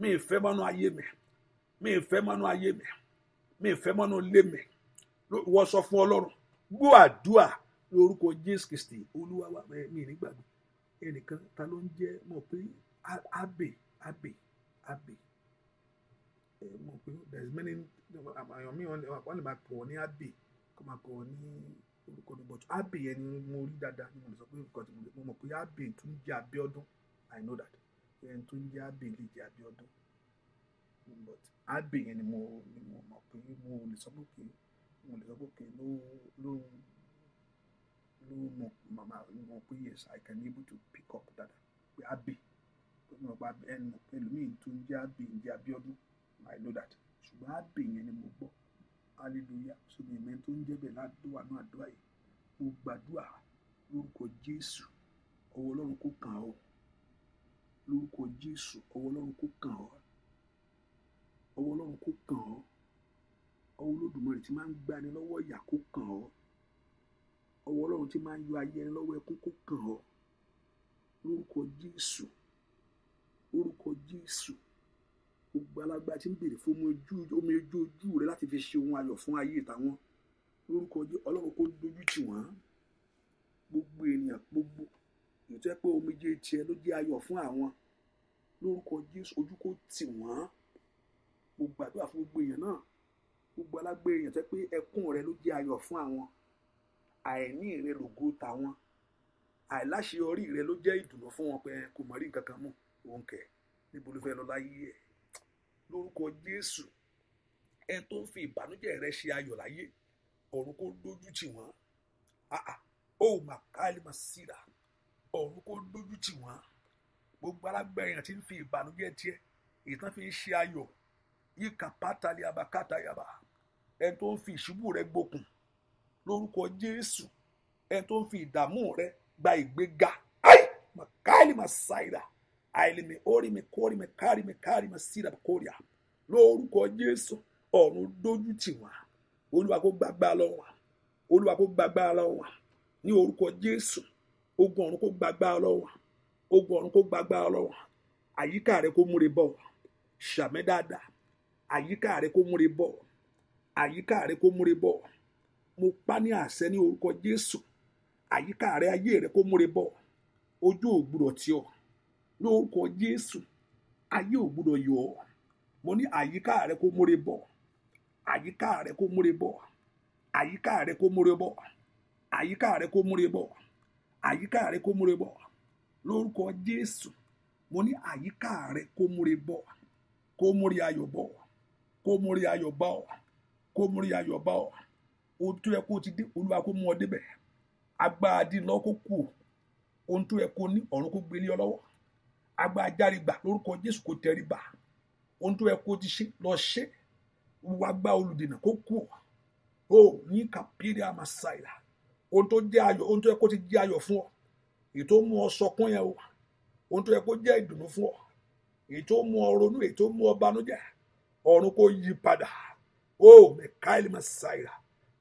Speaker 1: mi ìfẹ́ mọ́nú ayé mi mi ìfẹ́ mọ́nú ayé mi mi ìfẹ́ mọ́nú ilé mi wọ́n sọ fún Ọlọ́run gbọ́ àdúrà lórúkọ Jésù Kristi Olúwa wa mi ní gbàgbé ẹnìkan ta ló ń jẹ́ mọ̀ pé abe abe abe mọ̀ pé there is many àyàn mi wọ́n lè máa pọ̀ ní abe kọ́ máa pọ̀ ní orúkọ mi but abe yẹn ni mo rí dáadáa ni mo sọ pé nǹkan tí mo mọ̀ pé abe tún jẹ́ Abíọ́dún I know that ẹni tó ń jẹ́ abe lè jẹ́ Abíọ́dún but abe yẹn ni mo ni mo pé mo lè sọ pé mo lè sọ pé ló ló ń ló mọ màmá ló mọ pé yes i can able to pick up dáadáa pé àbí pé mo gba ẹnu ẹlòmíì tó ń jẹ́ àbí ń jẹ́ Abíọ́dún i know that ṣùgbọ́n àbí yẹn ni mo gbọ́ hallelujah so mi ìmẹ́ tó ń jẹ́ bẹ̀ ládùúwà náà àdúrà yìí mo gbàdúrà lórúkọ Jésù ọwọ́ Ọlọ́run kó kàn ọ́ lórúkọ Jésù ọwọ́ Ọlọ́run kó kàn ọ́ ọwọ́ Ọlọ́run kó kàn ọ́ ọwọ́ Olódùmarè tí máa ń gbani lọ́wọ́ ìyà kó kàn ọ́ ọwọ́ ọlọ́run tí máa ń yọ ayé ẹni lọ́wọ́ ẹkún kó kàn ọ́ lórúkọ jésù lórúkọ jésù gbogbo alágbá tí ń béèrè fún omi ojú ojú rẹ láti fi ṣe ohun ayọ̀ fún ayé ìtàwọn lórúkọ ọlọ́run kó dojú tì wọ́n gbogbo ènìyàn gbogbo ìtọ́ pé omijé tiẹ̀ ló jẹ́ ayọ̀ fún àwọn lórúkọ jésù ojú kó tì wọ́n mo gbàdúrà fún gbogbo èèyàn náà gbogbo alágbé èèyàn tẹ́ pé ẹkún rẹ ló jẹ́ ayọ̀ fún àwọn àìní ìrẹ lògo tàwọn àìláṣeyọrí ìrẹ ló jẹ́ ìdùnnú fún wọn pé kò mọ̀ rí nǹkan kan mú òun kẹ̀ níbo ló fẹ́ lọ láyé ẹ̀ lórúkọ Jésù ẹ tó ń fi ìbànújẹ́ rẹ ṣe ayọ̀ láyé ọ̀run kò dójú tì wọ́n ó mà káàlì mà síra ọ̀run kò dójú tì wọ́n gbogbo alágbẹ̀yìn tí ń fi ìbànújẹ́ tiẹ̀ ìtàn fi ń ṣe ayọ̀ yíkà pátálì abakátayaba ẹ tó ń fi ìṣubú rẹ gbókùn lórúkọ jésù ẹni tó ń fi ìdààmú rẹ gba ìgbéga ai makaeli masaida àìlè mi orí mi kórè mi kárì mi kárì mi síra kórìà lórúkọ jésù ọ̀run dójú tì wá olúwa kó gbàgbà lọ wá olúwa kó gbàgbà lọ wá ní orúkọ jésù ogun ọ̀run kó gbàgbà lọ wá ogun ọ̀run kó gbàgbà lọ wá àyíká rẹ kó múre bọ̀ wá dáadáa àyíká rẹ kó múre bọ̀ àyíká rẹ kó múre bọ̀ mo pa ní àṣẹ ní orúkọ Jésù àyíká rẹ ayé rẹ kó múre bọ̀ ojú ògbúdọ̀ tí ọ lórúkọ Jésù ayé ògbúdọ̀ yọ ọ mo ní àyíká rẹ kó múre bọ̀ àyíká rẹ kó múre bọ̀ àyíká rẹ kó múre bọ̀ àyíká rẹ kó múre bọ̀ àyíká rẹ kó múre bọ̀ lórúkọ Jésù mo ní àyíká rẹ kó múre bọ̀ kó múre ayọ̀ bọ̀ kó múre ayọ̀ bá kó múre ayọ̀ bá ohun tó yẹ kó o ti dé olúwa kó mú ọ débẹ̀ agbára dín lọ́wọ́ kó kú ohun tó yẹ kó ní ọ̀run kó gbélé ọ lọ́wọ́ agbára járe gbà lórúkọ jésù kó tẹrí gbà ohun tó yẹ kó ti ṣe lọ ṣe wá gbá olùdènà kó kú ọ ní kàpírí àmàṣàìlà ohun tó jẹ́ ayọ̀ ohun tó yẹ kó ti jẹ́ ayọ̀ fún ọ èyí mú ọ sọkún yẹn o ohun tó yẹ kó jẹ́ ìdùnnú fún ọ èyí mú ọ ronú èyí mú ọ banújẹ́ ọ̀run kó yí padà ó mẹkáìlì màṣàìlà.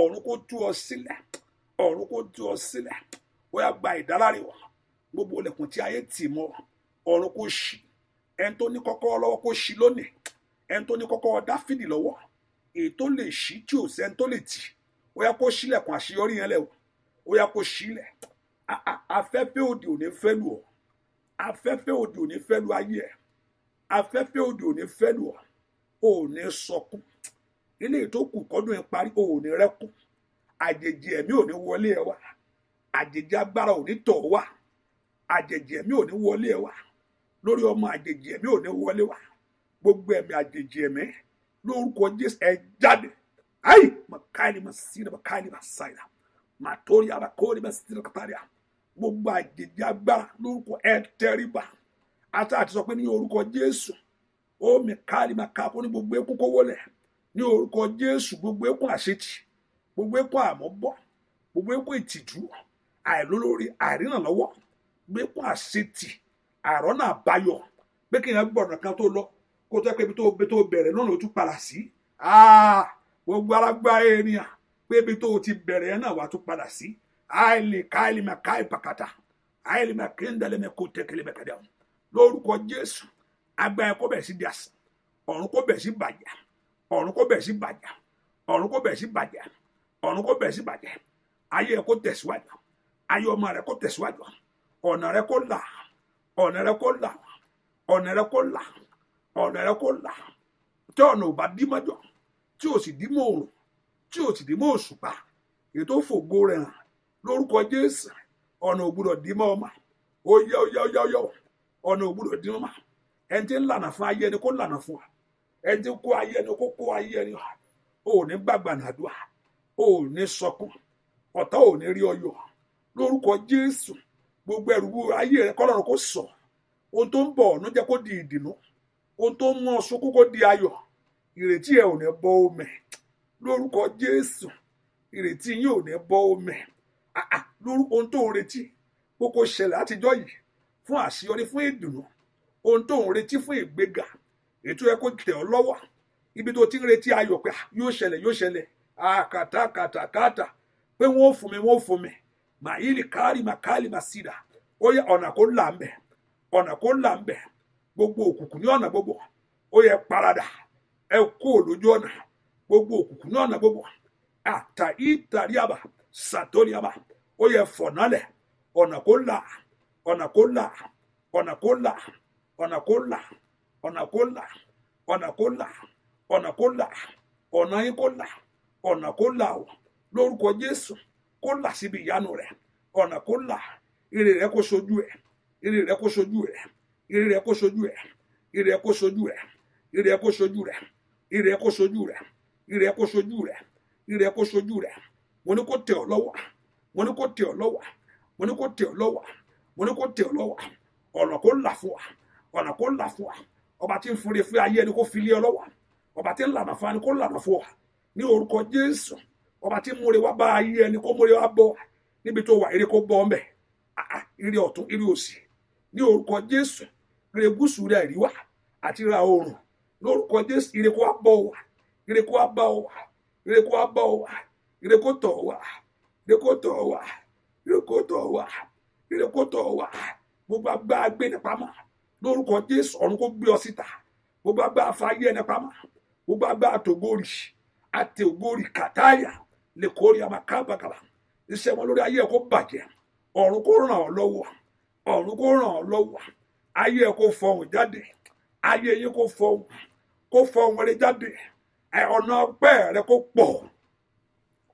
Speaker 1: ọ̀run kó tú ọ sílẹ̀ ọ̀run kó tú ọ sílẹ̀ ó yá gba ìdáláre wa gbogbo ilẹ̀kùn tí ayé tì mọ́ ọ̀run kó ṣí ẹni tó ní kọ́kọ́rọ́ lọ́wọ́ kó ṣí lónìí ẹni tó ní kọ́kọ́rọ́ dáfídì lọ́wọ́ èyí tó lè ṣí tí ò sẹ́ni tó lè tì ó yá kó ṣílẹ̀kùn àṣeyọrí yẹn lẹ̀ o ó yá kó ṣílẹ̀ afẹ́fẹ́ òdì ò ní fẹ́ lù ọ́ afẹ́fẹ́ òdì ò fẹ́ lù ayé ẹ̀ afẹ́fẹ́ òdì ò fẹ́ lù ọ́ ò sọkún eléyìí tó kù kọ́dún ẹ̀ parí òun ní rẹ́kù àjèjì ẹ̀mí ò ní wọlé ẹ wá àjèjì agbára ò ní tọ̀ wá àjèjì ẹ̀mí ò ní wọlé ẹ wá lórí ọmọ àjèjì ẹ̀mí ò wọlé wá gbogbo ẹ̀mí àjèjì ẹ̀mí lórúkọ Jésù ẹ jáde ayi makaani ma sira makaani ma saira matori abakori ma sira kataria gbogbo àjèjì agbára lórúkọ ẹ tẹríba ata àti sọ pé ní orúkọ Jésù ó mẹkaani ma ká kó ní gbogbo ekú kó wọlé ní orúkọ jésù gbogbo ẹkún àṣetì gbogbo ẹkún àmọbọ gbogbo ẹkún ìtìjú àìlólórí àìrìnàlọ́wọ́ gbogbo ẹkún àṣetì àrọ́nà àbáyọ pé kí n yẹn gbọ̀nà kan tó lọ kó tó pé ibi tó bẹ̀rẹ̀ lọ́nà ó tún padà sí gbogbo alágbára ènìyàn pé ibi tó ti bẹ̀rẹ̀ yẹn náà wàá tún padà sí àìlè káìlì mà káì pàkàtà àìlè mà kéńdàlẹ̀ mà kó tẹ̀kẹ̀lẹ̀ mà kàdà lórúkọ jésù agbára kó bẹ̀ sí di àṣà ọ̀run kó bẹ̀ sí bàjẹ́ ọ̀run kó bẹ̀rẹ̀ sí bàjẹ́ ọ̀run sí ayé ẹ kó tẹ̀síwájú ayé ọmọ rẹ tẹ̀síwájú ọ̀nà rẹ kó là ọ̀nà rẹ kó là ọ̀nà rẹ kó là ọ̀nà ọ̀nà ò bá dí tí ò sì dí mọ́ tí ò sì dí ètò rẹ̀ hàn lórúkọ Jésù ọ̀nà ẹni tí kó ayé ẹni kó kó ayé ẹni ò ní gbàgbà nàdúrà ò ní sọkún ọ̀tá ò ní rí ọyọ lórúkọ Jésù gbogbo ẹrù ayé rẹ kọ́lọ́run kó sọ ohun tó ń bọ̀ ọ̀nà jẹ́ kó di ìdùnnú ohun tó ń mú ọsùn kókó di ayọ̀ ìrètí ẹ ò ní bọ́ omi lórúkọ Jésù ìrètí yín ò ní bọ́ omi lórúkọ ohun tó ń retí kókó ṣẹlẹ̀ látijọ́ yìí fún àṣeyọrí fún ìdùnnú ohun tó ń retí fún ìgbéga èyí tó kó tẹ̀ ọ́ lọ́wọ́ ibi tó ti ń retí ayọ̀ pé ah, yóò ṣẹlẹ̀ yóò ṣẹlẹ̀ àkàtà kàtà kàtà pé wọ́n ò fún mi wọ́n ò fún mi màá yí ni káàlì mà káàlì mà sí dà ó yẹ ọ̀nà kó là ń bẹ̀ ọ̀nà kó là ń bẹ̀ gbogbo òkùnkùn ní ọ̀nà gbogbo ó yẹ paradà ẹ kó lójú ọ̀nà gbogbo òkùnkùn ní ọ̀nà gbogbo àtà ìtàrí àbà sàtórí àbà ó yẹ fọ̀nálẹ̀ ọ̀nà kó là ọ̀nà kó là ọ̀nà kó là ọ̀nà kó là. Ona kó ona ọ̀nà ona là ona kó ona ọ̀nà yín kó là ọ̀nà kó là o lórúkọ Jésù kó là síbi ìyanu rẹ ọ̀nà kó là ire rẹ kó sojú ẹ ire rẹ kó sojú ẹ ire rẹ kó sojú ẹ ire rẹ kó sojú ẹ ire rẹ kó sojú rẹ ire rẹ kó sojú rẹ ire rẹ kó sojú rẹ ire rẹ kó sojú rẹ mo ní kó tẹ̀ ọ́ lọ́wọ́ mo ní kó tẹ̀ ọ́ lọ́wọ́ mo ní kó tẹ̀ ọ́ lọ́wọ́ mo ní kó tẹ̀ ọ́ lọ́wọ́ ọ̀nà kó là fún wa ọ̀nà kó là fún wa ọba tí ń fure fún ayé ẹni kó fi lé ọlọ́wà ọba tí ń lànà fún ẹni kó lànà fún wa ní orúkọ jésù ọba tí ń múre wá bá ayé ẹni kó múre wá bọ̀ níbi tó wà ire kó bọ́ ọ́n bẹ̀ ire ọ̀tún ire òsì ní orúkọ jésù ire gúúsù rẹ àríwá àti ra oòrùn lórúkọ jésù ire kó wá bọ̀ wá kó wá bá wá kó wá bọ̀ wá kó tọ̀ wá ire kó tọ̀ wá ire kó tọ̀ wá ire kó tọ̀ wá gbogbo agbá gbé nípa máa lórúkọ jésù ọ̀run kó gbé ọ síta gbogbo agbára fàyè ẹni pamọ́ gbogbo agbára tògórì àti ògórì kàtáyà lè kórè àmà kábàkàbà iṣẹ́ wọn lórí ayé ẹ̀ kó bàjẹ́ ọ̀run kó ràn ọ́ lọ́wọ́ ọ̀run kó ràn ọ́ lọ́wọ́ ayé ẹ̀ kó fọhùn jáde ayé yín kó fọhùn kó fọhùn rẹ jáde ọ̀nà ọpẹ́ rẹ kó pọ̀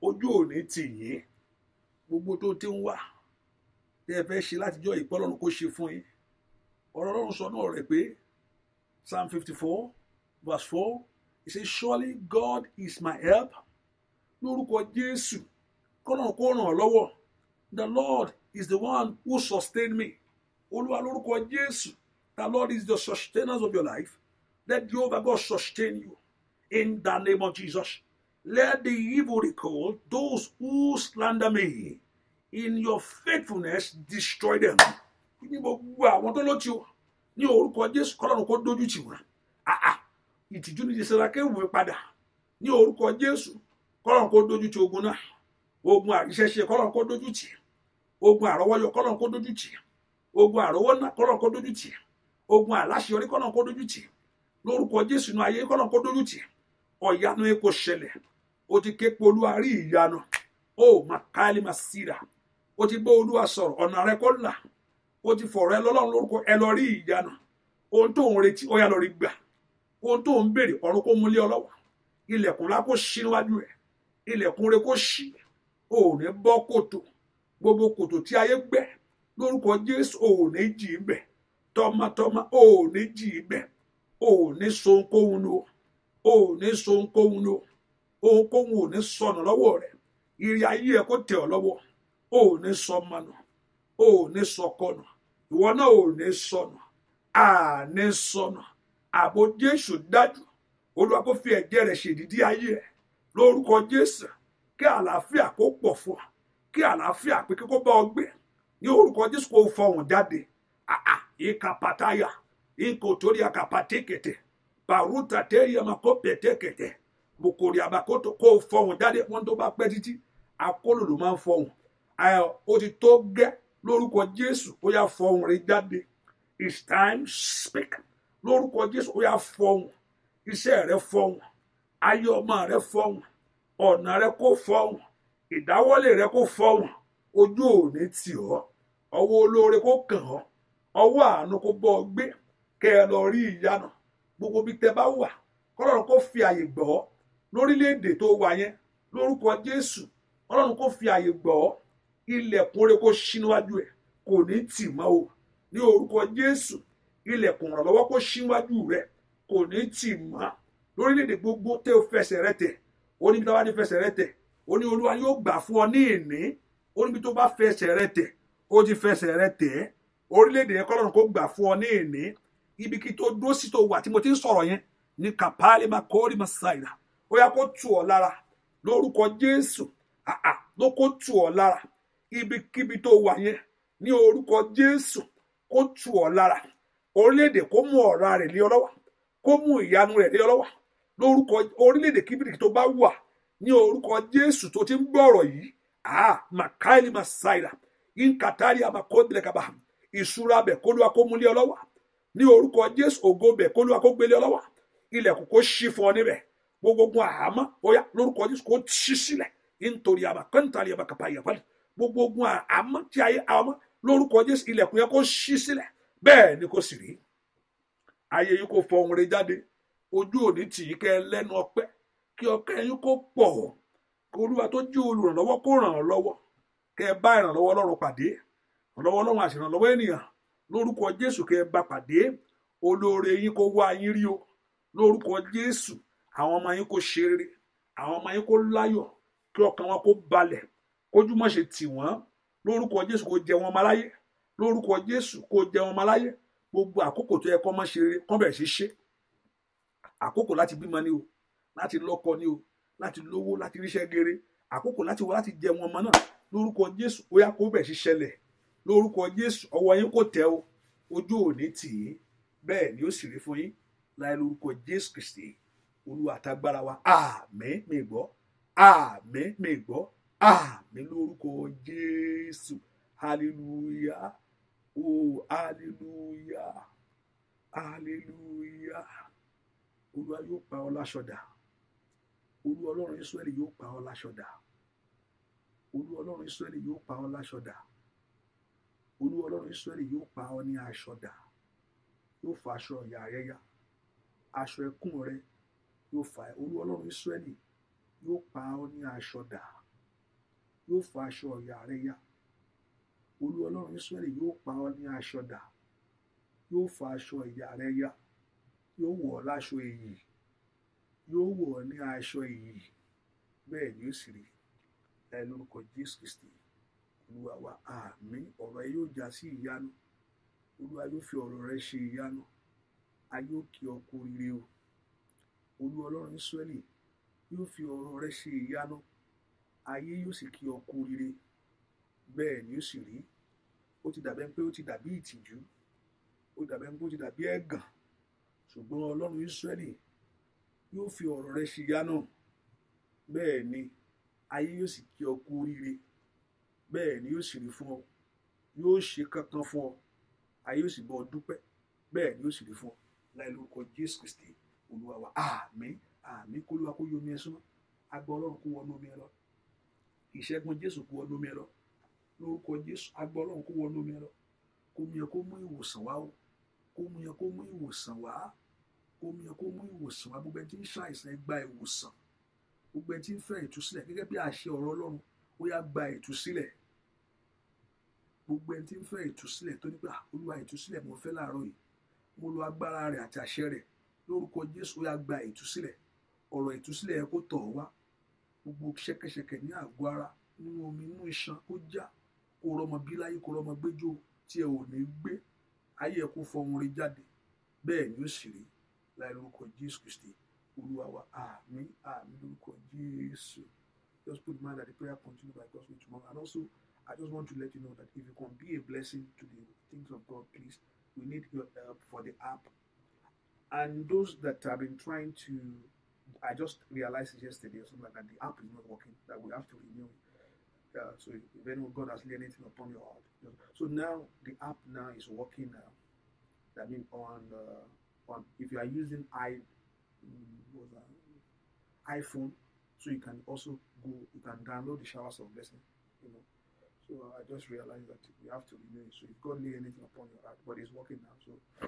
Speaker 1: ojú òní tì yín gbogbo tó ti ń wà tẹ́ ẹ fẹ́ ṣe látijọ́ ìpọ́lọ́run kó ṣe fún yín ọ̀rọ̀ ọlọ́run sọ náà rẹ̀ pé psalm fifty four verse four He says surely God is my help lórúkọ jésù kọ́nà kó ràn ọ́ lọ́wọ́ the lord is the one who sustain me olúwa lórúkọ jésù the lord is the sustainer of your life let the jehovah god sustain you in the name of jesus let the evil recall those who slander me in your faithfulness destroy them ní gbogbo àwọn tó ló ti wà ní orúkọ jésù kọlọ́run kó dojú tì wọ́n àà ìtìjú ní ìṣẹ̀lá kẹ́rù mi padà ní orúkọ jésù kọlọ́run kó dojú tì ogun náà ogun àríṣẹ́ṣe kọlọ́run kó dojú tì ogun àrọ́wọ́yọ kọlọ́run kó dojú tì ogun àrọ́wọ́ náà kọlọ́run kó dojú tì ogun àláṣeyọrí kọlọ́run kó dojú tì lórúkọ jésù inú ayé kọlọ́run kó dojú tì ọ̀yanu epo ṣẹlẹ̀ o ti ké pe olúwa rí ìyanu o màkàlì màsíra o ti bá olúwa sọ̀rọ̀ ọ̀nà rẹ kó là o ti fọ̀rọ̀ ẹ lọ́lọ́run lórúkọ ẹ lọ rí ìyanu ohun tó ń retí ó yá lọ rí gbà ohun tó ń béèrè ọ̀run kó múlé ọlọ́wọ́ ilẹ̀kùn ńlá kó ṣí níwájú rẹ̀ ilẹ̀kùn rẹ̀ kó ṣí ò ní bọ́ kòtò gbogbo kòtò tí ayé gbẹ́ lórúkọ Jésù ò ní jì í bẹ̀ tọmọtọmọ ò ní jì í bẹ̀ ò ní so ohunkóhun nu ò ní so ohunkóhun nu ohunkóhun ò sọnù lọ́wọ́ rẹ̀ ìrì ayé ẹ kó tẹ̀ ọ́ lọ́wọ́ ò sọ ọmọ nù O ne sọkọnà ìwọ náà ne ní a ne sọnà ààbò jésù dájú olúwa kó fi ẹ̀jẹ̀ rẹ̀ ṣèdídí ayé rẹ̀ lórúkọ jésù kí àlàáfíà kó pọ̀ fún ọ kí àlàáfíà pé kí kó bá ọ gbé ní orúkọ jésù kó fọhùn jáde àà ìka pàtàyà ìkò torí àkà pàtẹkẹtẹ bàrúta tẹyẹmà kó pẹtẹkẹtẹ bùkòrì àbàkótó kó fọhùn jáde wọn tó bá pẹ́ títí akólòlò máa ń fọhùn ó ti tó gẹ́ lórúkọ jésù ó yá fọ ohùn rẹ jáde it's time speak lórúkọ jésù ó yá fọ iṣẹ́ rẹ fọ ayé ọmọ rẹ ọ̀nà rẹ kó fọ ohùn rẹ kó fọ ojú òní tì ọwọ́ olóore kàn ọwọ́ àánú ọ gbé ẹ lọ rí ìyanu gbogbo bí tẹ bá wà kọ́lọ́run fi àyè gbọ́ lórílẹ̀‐èdè tó wà yẹn lórúkọ jésù ọlọ́run fi àyè gbọ́ ilẹ̀kùn rẹ kó ṣí níwájú ẹ̀ kò ní tì mọ́ o ní orúkọ Jésù ilẹ̀kùn ìrànlọ́wọ́ kó ṣí níwájú rẹ kò ní tì mọ́ lórílẹ̀‐èdè gbogbo tẹ́ o fẹsẹ̀ rẹ tẹ̀ ó ní bí tá a bá ní fẹsẹ̀ rẹ tẹ̀ ó ní Olúwa yóò gbà fún ọ ní ìní ó níbi tó bá fẹsẹ̀ rẹ tẹ̀ ó ti fẹsẹ̀ rẹ tẹ̀ orílẹ̀ yẹn kọ́lọ́run kó gbà fún ọ ní ìní ibi kí tó dúró sí tó wà tí mo ti ń sọ̀rọ̀ yẹn ní kàpáálí máa kọ́ ọ́ ní máa ó yá kó tù ọ́ lára lórúkọ Jésù àà ló kó tù ọ́ lára ibikíbi tó wà yẹn ní orúkọ jésù kó tù ọ́ lára orílẹ̀-èdè kó mú ọ̀ra rẹ̀ lé ọ lọ́wọ́ kó mú ìyanu rẹ̀ lé ọ lọ́wọ́ lórúkọ orílẹ̀ kíbìrì tó bá wà ní orúkọ jésù tó ti ń gbọ́ yìí ah makaeli masaira inkatari amakodilekaba ìṣúra bẹ̀ kólúwa kó mú lé ọ lọ́wọ́ ní orúkọ jésù ògo bẹ̀ kólúwa kó gbélé ọ lọ́wọ́ ilẹ̀kùn kó ṣí fún ọ níbẹ̀ gbogbogbò àhámọ́ bóyá lórúkọ jésù kó ṣí sílẹ̀ nítorí àbàkọ́ntàlì àbàkàpà ìyàpálì gbogbo ogun àmọ́ tí ayé àmọ́ lórúkọ jésù ilẹ̀kùn yẹn kó ṣí sílẹ̀ bẹ́ẹ̀ ni kò sì rí ayé yìí kò fọhùn rẹ̀ jáde ojú òní tì í kẹ́ lẹ́nu ọpẹ́ kí ọpẹ́ yín kó pọ̀ olúwa tó jí olùrànlọ́wọ́ kó ràn án lọ́wọ́ kẹ́ ẹ bá ìrànlọ́wọ́ ọlọ́run pàdé ìrànlọ́wọ́ ọlọ́run àti ìrànlọ́wọ́ ènìyàn lórúkọ jésù kẹ́ ẹ bá pàdé olóore yín kó wá yín rí o lórúkọ jésù àwọn ọmọ yín kó ṣe àwọn ọmọ yín kó láyọ̀ kí ọkàn wọn kó balẹ̀ kójúmọ́ ṣe tì wọ́n lórúkọ jésù kó jẹ wọn maláyé lórúkọ jésù kó jẹ wọn maláyé gbogbo àkókò tó yẹ kọ́ mọ́ ṣe kọ́ bẹ̀rẹ̀ sí ṣe àkókò láti bímọ ni o láti lọ́kọ ni o láti lówó láti ríṣẹ́ gere àkókò láti wọ láti jẹ wọn ọmọ náà lórúkọ jésù ó yá kó bẹ̀rẹ̀ sí ṣẹlẹ̀ lórúkọ jésù ọwọ́ yín kò tẹ o ojú ò ní tì í bẹ́ẹ̀ ni ó sì rí fún yín láì lórúkọ jésù kristi olúwa àtagbára wa àmín mi gbọ́ àmín mi gbọ́ Ah, àmì lórúkọ jésù hallelujah oh hallelujah hallelujah olúwa yóò pa ọ́ láṣọdà olú ọlọ́run israẹli yóò pa ọ́ láṣọdà olú ọlọ́run israẹli yóò pa ọ́ láṣọdà olú ọlọ́run israẹli yóò pa ọ́ ní aṣọdà yóò fa aṣọ ìyà rẹ ya aṣọ ẹkún rẹ yóò fa olú ọlọ́run israẹli yóò pa ọ́ ní aṣọdà. yóò fa aṣọ ọ̀yà rẹ ya olú ọlọ́run Ísírẹ́lì yóò pa ọ ní aṣọ dà yóò fa aṣọ ìyà rẹ ya yóò wọ̀ ọ́ láṣọ èyí yóò wọ̀ ọ́ ní aṣọ èyí bẹ́ẹ̀ ni ó sì rí ẹ lórúkọ Jésù Kristi olúwa wa àmín ọ̀rọ̀ yóò já sí ìyanu olúwa yóò fi ọ̀rọ̀ rẹ ṣe ìyanu ayé òkè ọkọ rere o olú ọlọ́run Ísírẹ́lì yóò fi ọ̀rọ̀ rẹ ṣe ìyanu ayé yóò sì kí ọ kú oríire bẹ́ẹ̀ ni ó sì rí ó ti dàbẹ́ pé ó ti dàbí ìtìjú ó dàbẹ́ pé ó ti dàbí ẹ̀gàn ṣùgbọ́n ọlọ́run Ísírẹ́lì yóò fi ọ̀rọ̀ rẹ̀ ṣìyá náà bẹ́ẹ̀ ni ayé yóò sì kí ọ kú oríire bẹ́ẹ̀ ni yóò sì rí fún ọ yóò ṣe kankan fún ọ ayé yóò sì bọ́ ọ dúpẹ́ bẹ́ẹ̀ ni yóò sì rí fún ọ láì lórúkọ Jésù Kristi olúwa wa àmín àmín kólúwa kó yomi ẹ súnmọ́ agbọ́ ọlọ́run kó wọnú omi ẹ lọ ìṣẹ́gun jésù kó wọnú mi lọ lórúkọ jésù agbọ́ ọlọ́run kó wọnú mi lọ kó mú yẹn kó mú ìwòsàn wá o kó mú yẹn kó mú ìwòsàn wá kó mú yẹn kó mú ìwòsàn wá gbogbo ẹni tí ń ṣàìsàn ẹ gba ìwòsàn gbogbo ẹni tí ń fẹ́ ìtúsílẹ̀ gẹ́gẹ́ bí àṣẹ ọ̀rọ̀ ọlọ́run ó yá gba ìtúsílẹ̀ gbogbo ẹni tí ń fẹ́ ìtúsílẹ̀ tó nípa olúwa ìtúsílẹ̀ mo fẹ́ láàárọ̀ yìí mo lo agbára rẹ̀ àti àṣẹ rẹ̀ lórúkọ jésù ó yá gba ìtúsílẹ̀ ọ̀rọ̀ ìtúsílẹ̀ yẹ kó tọ̀ wá gbogbo ṣẹ̀kẹ̀ṣẹ̀kẹ̀ ní àgọ́ ara nínú omi inú iṣan ó já kó rọmọ bí láyé kó rọmọ gbẹjọ tí ẹ ò ní gbé ayé ẹ kó fọhùn rí jáde bẹ́ẹ̀ ni ó sì rí láì lórúkọ Jésù Kristi Olúwa wa àmín lórúkọ Jésù just put in mind that the prayer continue by God's tomorrow and also I just want to let you know that if you can be a blessing to the things of God please we need your help for the app and those that have been trying to I just realized yesterday or something like that the app is not working, that we have to renew it. Uh, so if anyone God has laid anything upon your heart. You know. So now the app now is working now. I mean on uh, on if you are using i mm, iPhone, so you can also go you can download the showers of blessing, you know. So uh, I just realized that we have to renew it. So if God lay anything upon your heart, but it's working now, so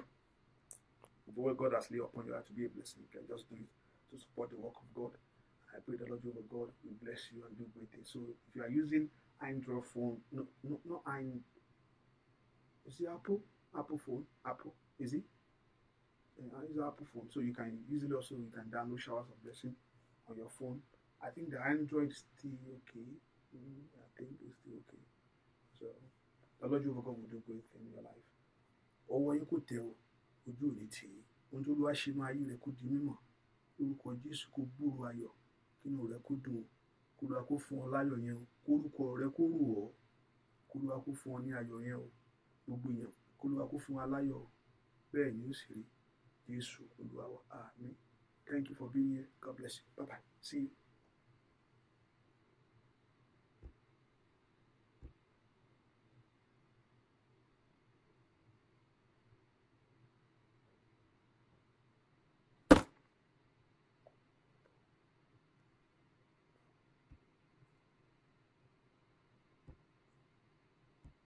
Speaker 1: whatever God has laid upon your heart to be a blessing, you can just do it to support the work of God. I pray the Lord over God will bless you and do great things. So if you are using Android phone, no, no, no, Android. Is it Apple? Apple phone? Apple? Is it? Uh, it's Apple phone. So you can easily also you can download showers of blessing on your phone. I think the Android is still okay. Mm, I think it's still okay. So the Lord over God will do great things in your life. Or yẹn you could o, ojú do ní Until you Ohun tó lọ́wọ́ ṣe máa yí orúkọ jésù kó gbúrò ayọ̀ kínú rẹ kó dùn kó lọ́wọ́ kó fún ọ láyọ̀ yẹn o kó orúkọ rẹ kó rù ọ́ kó lọ́wọ́ kó fún ọ ní ayọ̀ yẹn o gbogbo èèyàn kó lọ́wọ́ kó fún aláyọ̀ bẹ́ẹ̀ ni ó sì rí jésù olúwa wa àmín thank you for being here god bless you bye bye see you.